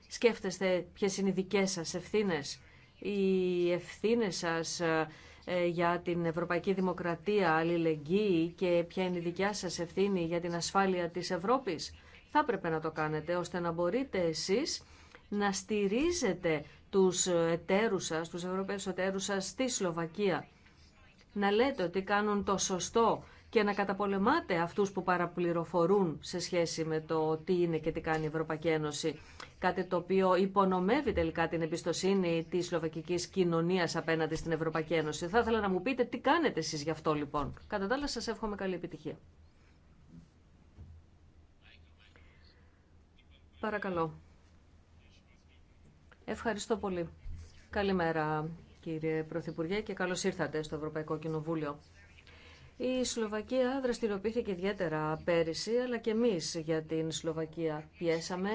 σκέφτεστε ποιες είναι οι δικές σας ευθύνες. Οι ευθύνες σας ε, ε, για την Ευρωπαϊκή Δημοκρατία, αλληλεγγύη και ποια είναι η δικιά σας ευθύνη για την ασφάλεια της Ευρώπης. Θα έπρεπε να το κάνετε ώστε να μπορείτε εσείς να στηρίζετε τους εταίρους σας, τους Ευρωπαίους εταίρους σας στη Σλοβακία. Να λέτε ότι κάνουν το σωστό και να καταπολεμάτε αυτούς που παραπληροφορούν σε σχέση με το τι είναι και τι κάνει η Ευρωπαϊκή Ένωση. Κάτι το οποίο υπονομεύει τελικά την εμπιστοσύνη της σλοβακική κοινωνία απέναντι στην Ευρωπαϊκή Ένωση. Θα ήθελα να μου πείτε τι κάνετε εσείς γι' αυτό λοιπόν. Κατά τα άλλα σας εύχομαι καλή επιτυχία. Παρακαλώ. Ευχαριστώ πολύ. Καλημέρα κύριε Πρωθυπουργέ και καλώς ήρθατε στο Ευρωπαϊκό Κοινοβούλιο. Η Σλοβακία δραστηριοποιήθηκε ιδιαίτερα πέρυσι, αλλά και εμείς για την Σλοβακία πιέσαμε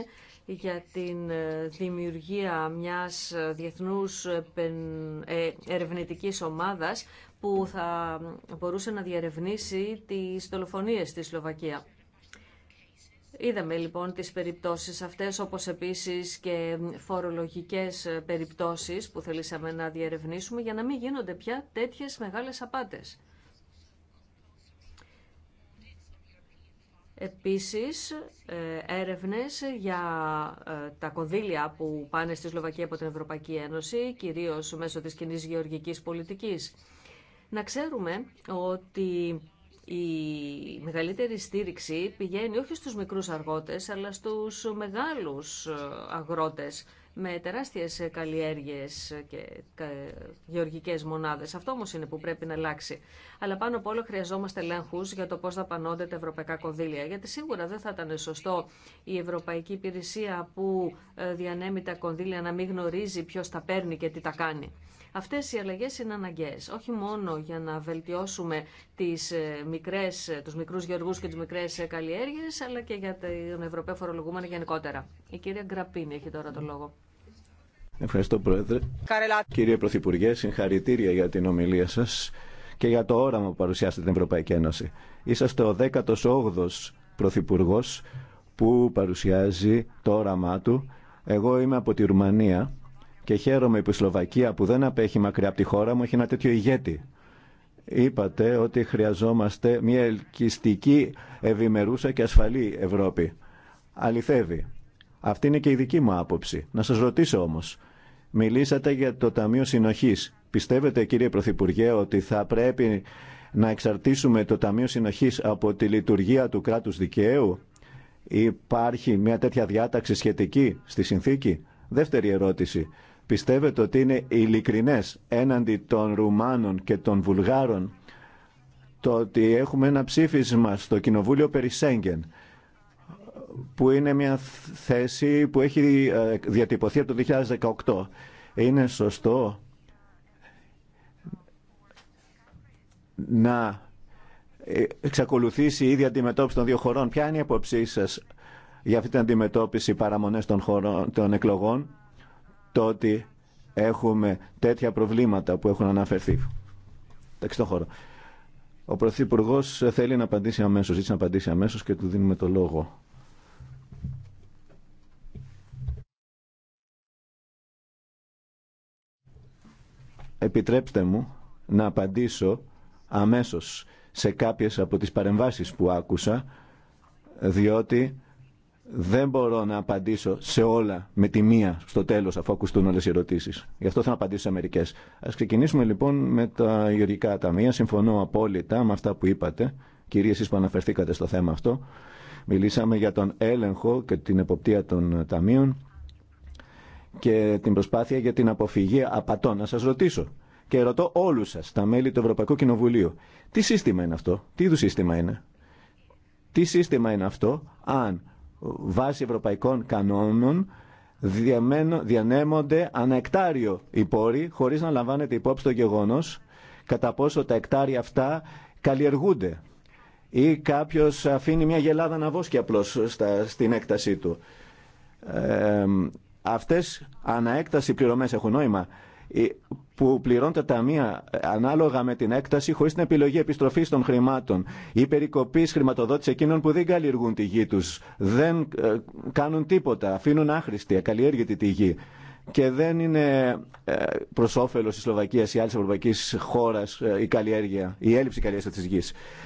για την ε, δημιουργία μιας διεθνούς ε, ερευνητικής ομάδας που θα μπορούσε να διερευνήσει τις δολοφονίες στη Σλοβακία. Είδαμε λοιπόν τις περιπτώσεις αυτές, όπως επίσης και φορολογικές περιπτώσεις που θελήσαμε να διερευνήσουμε για να μην γίνονται πια τέτοιες μεγάλες απάτες. Επίσης, ε, έρευνες για ε, τα κονδύλια που πάνε στη Σλοβακία από την Ευρωπαϊκή Ένωση, κυρίως μέσω της κοινή γεωργικής πολιτικής. Να ξέρουμε ότι η μεγαλύτερη στήριξη πηγαίνει όχι στους μικρούς αργότες, αλλά στους μεγάλους ε, αγρότες με τεράστιες καλλιέργειες και γεωργικές μονάδες. Αυτό όμως είναι που πρέπει να αλλάξει. Αλλά πάνω απ' όλα χρειαζόμαστε ελέγχου για το πώς δαπανώνται τα ευρωπαϊκά κονδύλια. Γιατί σίγουρα δεν θα ήταν σωστό η Ευρωπαϊκή Υπηρεσία που ε, διανέμει τα κονδύλια να μην γνωρίζει ποιο τα παίρνει και τι τα κάνει. Αυτές οι αλλαγές είναι αναγκαίες, όχι μόνο για να βελτιώσουμε τις ε, μικρές, ε, τους μικρούς γεωργούς και τις μικρές καλλιέργειες, αλλά και για τον Ευρωπαίο Φορολογούμενο γενικότερα. Η κυρία Γκραπίνη έχει τώρα το λόγο. Ευχαριστώ, Πρόεδρε. Κύριε Πρωθυπουργέ, συγχαρητήρια για την ομιλία σα και για το όραμα που παρουσιάσετε την Ευρωπαϊκή Ένωση. Είσαστε ο 18ο Πρωθυπουργό που παρουσιάζει το όραμά του. Εγώ είμαι από τη Ρουμανία και χαίρομαι που η Σλοβακία που δεν απέχει μακριά από τη χώρα μου έχει ένα τέτοιο ηγέτη. Είπατε ότι χρειαζόμαστε μια ελκυστική, ευημερούσα και ασφαλή Ευρώπη. Αληθεύει. Αυτή είναι και η δική μου άποψη. Να σας ρωτήσω όμως, μιλήσατε για το Ταμείο Συνοχής. Πιστεύετε κύριε Πρωθυπουργέ ότι θα πρέπει να εξαρτήσουμε το Ταμείο Συνοχής από τη λειτουργία του κράτους δικαίου. Υπάρχει μια τέτοια διάταξη σχετική στη συνθήκη. Δεύτερη ερώτηση. Πιστεύετε ότι είναι ειλικρινέ έναντι των Ρουμάνων και των Βουλγάρων το ότι έχουμε ένα ψήφισμα στο Κοινοβούλιο περί Σέγγεν που είναι μια θέση που έχει ε, διατυπωθεί από το 2018. Είναι σωστό να ε, εξακολουθήσει η ίδια αντιμετώπιση των δύο χωρών. Ποια είναι η απόψή σα για αυτή την αντιμετώπιση παραμονές των, χωρών, των εκλογών, το ότι έχουμε τέτοια προβλήματα που έχουν αναφερθεί. Εντάξει, χώρο. Ο Πρωθυπουργό θέλει να απαντήσει αμέσω. Ζήτησε να απαντήσει αμέσω και του δίνουμε το λόγο. Επιτρέψτε μου να απαντήσω αμέσως σε κάποιες από τις παρεμβάσεις που άκουσα, διότι δεν μπορώ να απαντήσω σε όλα με τη μία στο τέλος αφού ακουστούν όλες οι ερωτήσεις. Γι' αυτό θα απαντήσω σε μερικές. Ας ξεκινήσουμε λοιπόν με τα γεωργικά ταμεία. Συμφωνώ απόλυτα με αυτά που είπατε, κυρίες εσείς που αναφερθήκατε στο θέμα αυτό. Μιλήσαμε για τον έλεγχο και την εποπτεία των ταμείων και την προσπάθεια για την αποφυγή απατών. Να σας ρωτήσω και ρωτώ όλους σας, τα μέλη του Ευρωπαϊκού Κοινοβουλίου, τι σύστημα είναι αυτό, τι είδου σύστημα είναι. Τι σύστημα είναι αυτό αν βάσει ευρωπαϊκών κανόνων διανέμονται αναεκτάριο οι πόροι χωρίς να λαμβάνεται υπόψη το γεγονός κατά πόσο τα εκτάρια αυτά καλλιεργούνται ή κάποιος αφήνει μια γελάδα να βόσκει απλώς στην έκτασή του. Ε, Αυτές αναέκταση πληρωμές έχουν νόημα ε, που πληρώνουν τα ταμεία ε, ανάλογα με την έκταση χωρί την επιλογή επιστροφή των χρημάτων ή περικοπή χρηματοδότηση εκείνων που δεν καλλιεργούν τη γη του, δεν ε, κάνουν τίποτα, αφήνουν άχρηστη, ακαλλιέργητη τη γη και δεν είναι προ όφελο τη Σλοβακία ή άλλη ευρωπαϊκή χώρα η καλλιέργεια, η έλλειψη καλλιέργεια τη γη.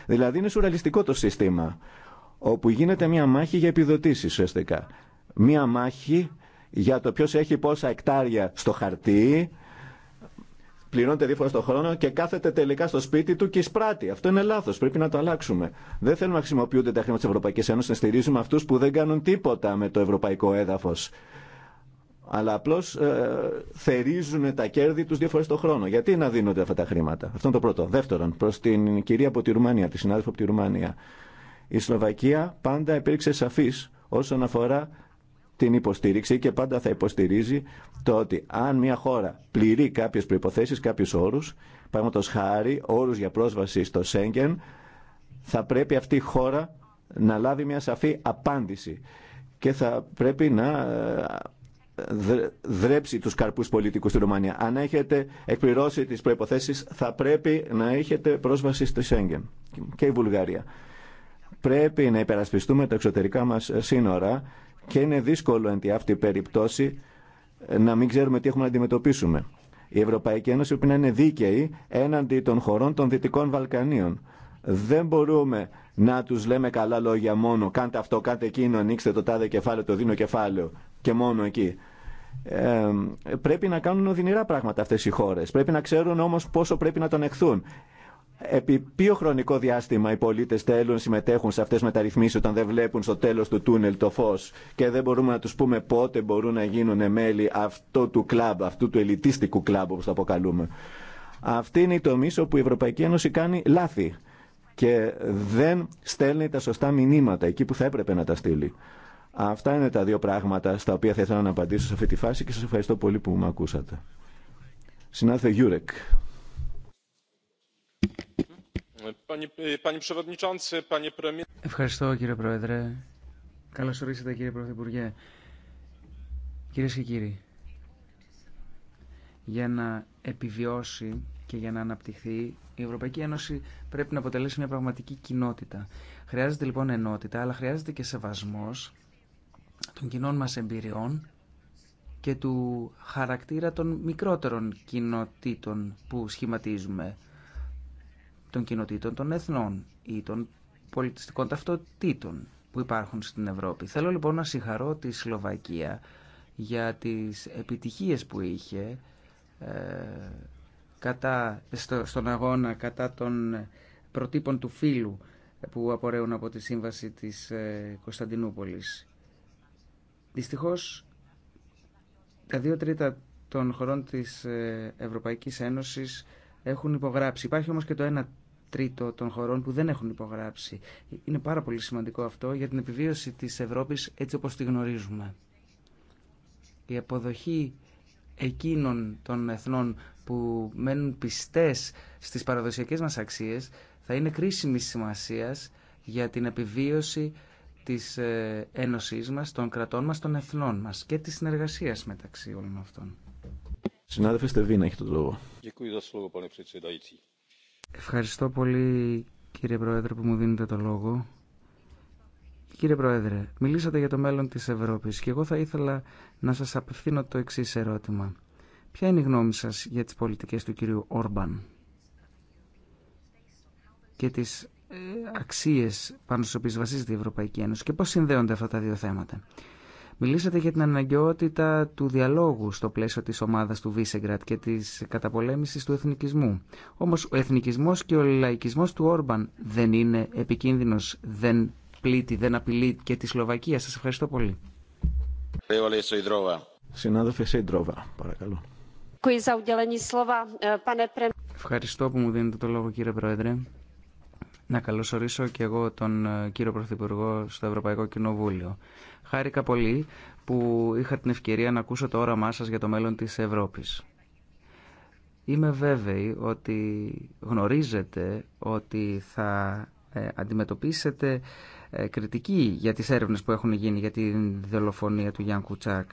Δηλαδή είναι σουραλιστικό το σύστημα όπου γίνεται μια μάχη για επιδοτήσει ουσιαστικά. Μια μάχη για το ποιος έχει πόσα εκτάρια στο χαρτί, πληρώνεται δύο φορές το χρόνο και κάθεται τελικά στο σπίτι του και εισπράττει. Αυτό είναι λάθος, πρέπει να το αλλάξουμε. Δεν θέλουμε να χρησιμοποιούνται τα χρήματα της Ευρωπαϊκής Ένωσης, να στηρίζουμε αυτούς που δεν κάνουν τίποτα με το ευρωπαϊκό έδαφος. Αλλά απλώ ε, θερίζουν τα κέρδη του δύο φορέ το χρόνο. Γιατί να δίνονται αυτά τα χρήματα. Αυτό είναι το πρώτο. Δεύτερον, προ την κυρία από τη Ρουμανία, τη συνάδελφο από τη Ρουμανία. Η Σλοβακία πάντα υπήρξε σαφή όσον αφορά την υποστήριξη και πάντα θα υποστηρίζει το ότι αν μια χώρα πληρεί κάποιες προϋποθέσεις, κάποιους όρους, το χάρη όρους για πρόσβαση στο Σέγγεν, θα πρέπει αυτή η χώρα να λάβει μια σαφή απάντηση και θα πρέπει να ε, δρέψει τους καρπούς πολιτικούς στη Ρουμανία. Αν έχετε εκπληρώσει τις προϋποθέσεις θα πρέπει να έχετε πρόσβαση στο Σέγγεν και η Βουλγαρία. Πρέπει να υπερασπιστούμε τα εξωτερικά μας σύνορα και είναι δύσκολο εν τη αυτή περίπτωση να μην ξέρουμε τι έχουμε να αντιμετωπίσουμε. Η Ευρωπαϊκή Ένωση πρέπει να είναι δίκαιη έναντι των χωρών των Δυτικών Βαλκανίων. Δεν μπορούμε να τους λέμε καλά λόγια μόνο «κάντε αυτό, κάντε εκείνο, ανοίξτε το τάδε κεφάλαιο, το δίνω κεφάλαιο» και μόνο εκεί. Ε, πρέπει να κάνουν οδυνηρά πράγματα αυτές οι χώρες. Πρέπει να ξέρουν όμως πόσο πρέπει να τον εχθούν. Επί ποιο χρονικό διάστημα οι πολίτε θέλουν συμμετέχουν σε αυτέ τι μεταρρυθμίσει όταν δεν βλέπουν στο τέλο του τούνελ το φω και δεν μπορούμε να του πούμε πότε μπορούν να γίνουν μέλη αυτού του κλαμπ, αυτού του ελιτίστικου κλαμπ όπω το αποκαλούμε. Αυτή είναι η τομή όπου η Ευρωπαϊκή Ένωση κάνει λάθη και δεν στέλνει τα σωστά μηνύματα εκεί που θα έπρεπε να τα στείλει. Αυτά είναι τα δύο πράγματα στα οποία θα ήθελα να απαντήσω σε αυτή τη φάση και σα ευχαριστώ πολύ που με ακούσατε. Συνάδελφε Γιούρεκ. Ευχαριστώ κύριε Πρόεδρε. Καλώ ορίσατε κύριε Πρωθυπουργέ. Κυρίε και κύριοι, για να επιβιώσει και για να αναπτυχθεί η Ευρωπαϊκή Ένωση πρέπει να αποτελέσει μια πραγματική κοινότητα. Χρειάζεται λοιπόν ενότητα, αλλά χρειάζεται και σεβασμό των κοινών μας εμπειριών και του χαρακτήρα των μικρότερων κοινοτήτων που σχηματίζουμε των κοινοτήτων των εθνών ή των πολιτιστικών ταυτοτήτων που υπάρχουν στην Ευρώπη. Θέλω λοιπόν να συγχαρώ τη Σλοβακία για τις επιτυχίες που είχε ε, κατά, στον αγώνα κατά των προτύπων του φίλου που απορρέουν από τη σύμβαση της ε, Κωνσταντινούπολης. Δυστυχώς, τα δύο τρίτα των χωρών της ε, Ευρωπαϊκής Ένωσης έχουν υπογράψει. Υπάρχει όμως και το 1 τρίτο των χωρών που δεν έχουν υπογράψει. Είναι πάρα πολύ σημαντικό αυτό για την επιβίωση της Ευρώπης έτσι όπως τη γνωρίζουμε. Η αποδοχή εκείνων των εθνών που μένουν πιστές στις παραδοσιακές μας αξίες θα είναι κρίσιμη σημασίας για την επιβίωση της ε, ένωσής μας, των κρατών μας, των εθνών μας και της συνεργασίας μεταξύ όλων αυτών. Συνάδελφε να έχετε το λόγο. Ευχαριστώ πολύ κύριε Πρόεδρε που μου δίνετε το λόγο. Κύριε Πρόεδρε, μιλήσατε για το μέλλον της Ευρώπης και εγώ θα ήθελα να σας απευθύνω το εξής ερώτημα. Ποια είναι η γνώμη σας για τις πολιτικές του κυρίου Όρμπαν και τις ε, αξίες πάνω στις οποίες βασίζεται η Ευρωπαϊκή Ένωση και πώς συνδέονται αυτά τα δύο θέματα. Μιλήσατε για την αναγκαιότητα του διαλόγου στο πλαίσιο της ομάδας του Βίσεγκρατ και της καταπολέμησης του εθνικισμού. Όμως ο εθνικισμός και ο λαϊκισμός του Όρμπαν δεν είναι επικίνδυνος, δεν πλήττει, δεν απειλεί και τη Σλοβακία. Σας ευχαριστώ πολύ. Συνάδελφε Σίντροβα, παρακαλώ. Eh, ευχαριστώ που μου δίνετε το λόγο κύριε Πρόεδρε. Να καλωσορίσω και εγώ τον ε, κύριο Πρωθυπουργό στο Ευρωπαϊκό Κοινοβούλιο. Χάρηκα πολύ που είχα την ευκαιρία να ακούσω το όραμά σας για το μέλλον της Ευρώπης. Είμαι βέβαιη ότι γνωρίζετε ότι θα ε, αντιμετωπίσετε ε, κριτική για τις έρευνες που έχουν γίνει για την δολοφονία του Γιάνν Κουτσάκ.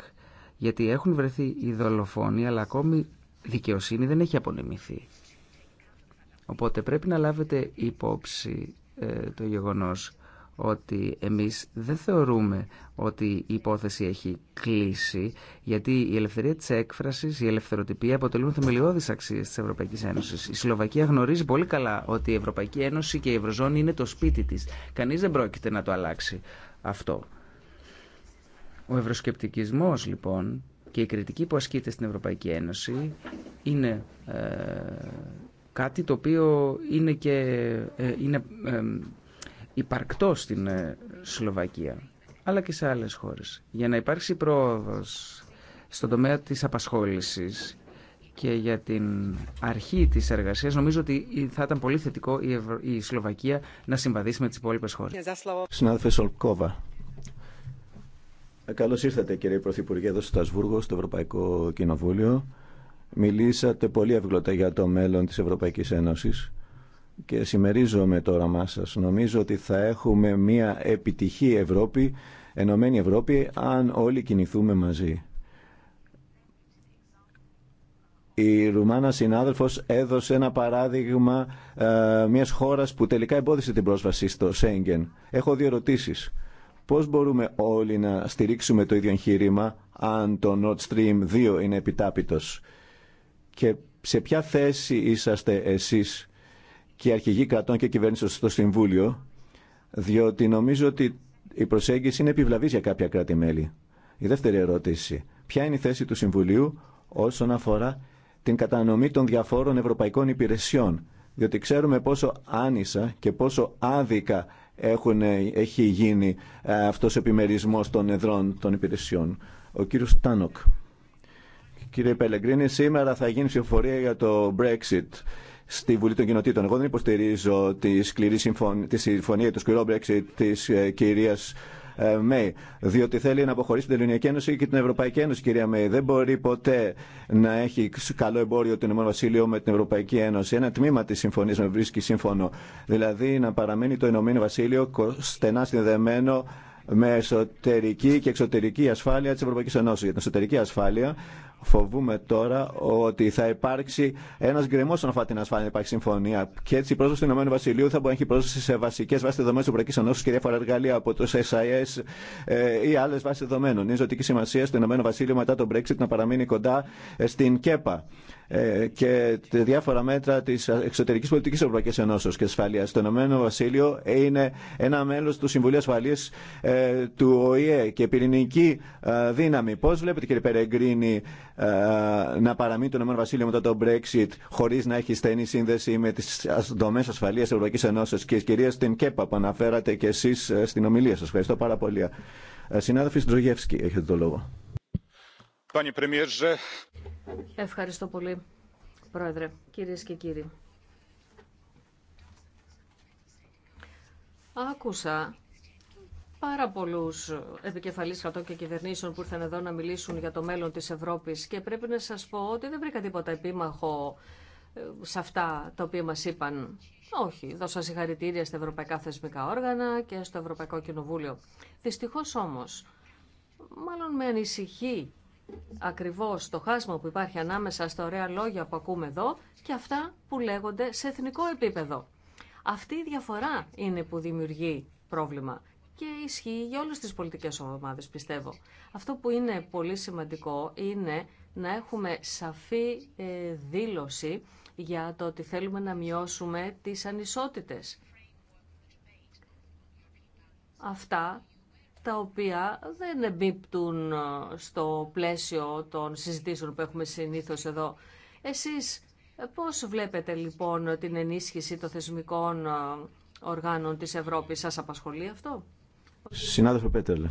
Γιατί έχουν βρεθεί οι δολοφόνοι, αλλά ακόμη δικαιοσύνη δεν έχει απονεμηθεί. Οπότε πρέπει να λάβετε υπόψη ε, το γεγονός ότι εμείς δεν θεωρούμε ότι η υπόθεση έχει κλείσει, γιατί η ελευθερία της έκφρασης, η ελευθεροτυπία αποτελούν θεμελιώδεις αξίες της Ευρωπαϊκής Ένωσης. Η Σλοβακία γνωρίζει πολύ καλά ότι η Ευρωπαϊκή Ένωση και η Ευρωζώνη είναι το σπίτι της. Κανείς δεν πρόκειται να το αλλάξει αυτό. Ο ευρωσκεπτικισμός λοιπόν και η κριτική που ασκείται στην Ευρωπαϊκή Ένωση είναι ε, κάτι το οποίο είναι και ε, είναι, ε, υπαρκτό στην ε, Σλοβακία, αλλά και σε άλλες χώρες. Για να υπάρξει πρόοδος στον τομέα της απασχόλησης και για την αρχή της εργασίας, νομίζω ότι θα ήταν πολύ θετικό η, η Σλοβακία να συμβαδίσει με τις υπόλοιπες χώρες. Συνάδελφε Σολκόβα, καλώς ήρθατε κύριε Πρωθυπουργέ εδώ στο Στασβούργο, στο Ευρωπαϊκό Κοινοβούλιο. Μιλήσατε πολύ εύγλωτα για το μέλλον της Ευρωπαϊκής Ένωσης και συμμερίζομαι το όραμά σα. Νομίζω ότι θα έχουμε μια επιτυχή Ευρώπη, ενωμένη Ευρώπη, αν όλοι κινηθούμε μαζί. Η Ρουμάνα συνάδελφος έδωσε ένα παράδειγμα ε, μιας χώρας που τελικά εμπόδισε την πρόσβαση στο Σέγγεν. Έχω δύο ερωτήσεις. Πώς μπορούμε όλοι να στηρίξουμε το ίδιο εγχείρημα αν το Nord Stream 2 είναι επιτάπητος και σε ποια θέση είσαστε εσείς και οι αρχηγοί κρατών και κυβέρνηση στο Συμβούλιο, διότι νομίζω ότι η προσέγγιση είναι επιβλαβής για κάποια κράτη-μέλη. Η δεύτερη ερώτηση. Ποια είναι η θέση του Συμβουλίου όσον αφορά την κατανομή των διαφόρων ευρωπαϊκών υπηρεσιών. Διότι ξέρουμε πόσο άνισα και πόσο άδικα έχουν, έχει γίνει ε, αυτός ο επιμερισμός των εδρών των υπηρεσιών. Ο κύριος Τάνοκ. Κύριε Πελεγκρίνη, σήμερα θα γίνει ψηφοφορία για το Brexit στη Βουλή των Κοινοτήτων. Εγώ δεν υποστηρίζω τη, σκληρή συμφων... τη συμφωνία, το σκληρό Brexit τη ε, κυρίας Μέη, ε, διότι θέλει να αποχωρήσει την Ελληνική Ένωση και την Ευρωπαϊκή Ένωση, κυρία Μέη. Δεν μπορεί ποτέ να έχει καλό εμπόριο το Ηνωμένο Βασίλειο με την Ευρωπαϊκή Ένωση. Ένα τμήμα τη συμφωνία με βρίσκει σύμφωνο. Δηλαδή να παραμείνει το Ηνωμένο Βασίλειο στενά συνδεμένο με εσωτερική και εξωτερική ασφάλεια τη Ευρωπαϊκή Ένωση. Για την εσωτερική ασφάλεια Φοβούμε τώρα ότι θα υπάρξει ένα γκρεμό όσον αφορά την ασφάλεια, υπάρχει συμφωνία. Και έτσι η πρόσβαση του Ηνωμένου Βασιλείου θα μπορεί να έχει πρόσβαση σε βασικέ βάσει δεδομένων του Ευρωπαϊκή Ενώση και διάφορα εργαλεία από του SIS ε, ή άλλε βάσει δεδομένων. Είναι ζωτική σημασία στο Ηνωμένο Βασίλειο μετά τον Brexit να παραμείνει κοντά ε, στην ΚΕΠΑ. Ε, και διάφορα μέτρα τη εξωτερική πολιτική Ευρωπαϊκή Ενώσεω και Ασφαλεία. Το Ηνωμένο Βασίλειο είναι ένα μέλο του Συμβουλίου Ασφαλεία ε, του ΟΗΕ και πυρηνική ε, δύναμη. Πώ βλέπετε, κύριε Περεγκρίνη, να παραμείνει το Ηνωμένο Βασίλειο μετά το Brexit χωρί να έχει στενή σύνδεση με τι δομέ ασφαλεία Ευρωπαϊκή Ενώσεω και κυρία στην ΚΕΠΑ που αναφέρατε και εσεί στην ομιλία σα. Ευχαριστώ πάρα πολύ. Συνάδελφοι έχετε το λόγο. Ευχαριστώ πολύ, Πρόεδρε, κυρίες και κύριοι. Άκουσα πάρα πολλούς επικεφαλεί κρατών και κυβερνήσεων που ήρθαν εδώ να μιλήσουν για το μέλλον της Ευρώπης και πρέπει να σας πω ότι δεν βρήκα τίποτα επίμαχο ε, σε αυτά τα οποία μας είπαν. Όχι, δώσα συγχαρητήρια στα ευρωπαϊκά θεσμικά όργανα και στο Ευρωπαϊκό Κοινοβούλιο. Δυστυχώ όμω, μάλλον με ανησυχεί ακριβώς το χάσμα που υπάρχει ανάμεσα στα ωραία λόγια που ακούμε εδώ και αυτά που λέγονται σε εθνικό επίπεδο. Αυτή η διαφορά είναι που δημιουργεί πρόβλημα και ισχύει για όλες τις πολιτικές ομάδες, πιστεύω. Αυτό που είναι πολύ σημαντικό είναι να έχουμε σαφή ε, δήλωση για το ότι θέλουμε να μειώσουμε τις ανισότητες. Αυτά τα οποία δεν εμπίπτουν ε, στο πλαίσιο των συζητήσεων που έχουμε συνήθως εδώ. Εσείς ε, πώς βλέπετε λοιπόν την ενίσχυση των θεσμικών ε, οργάνων της Ευρώπης, σας απασχολεί αυτό? Συνάδελφε Πέτελε.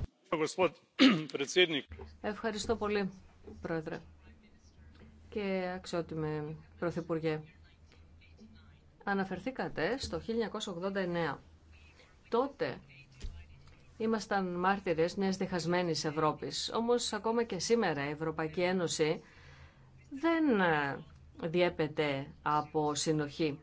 Ευχαριστώ πολύ, Πρόεδρε. Και αξιότιμε Πρωθυπουργέ. Αναφερθήκατε στο 1989. Τότε Ήμασταν μάρτυρες μιας διχασμένης Ευρώπης. Όμως ακόμα και σήμερα η Ευρωπαϊκή Ένωση δεν ε, διέπεται από συνοχή.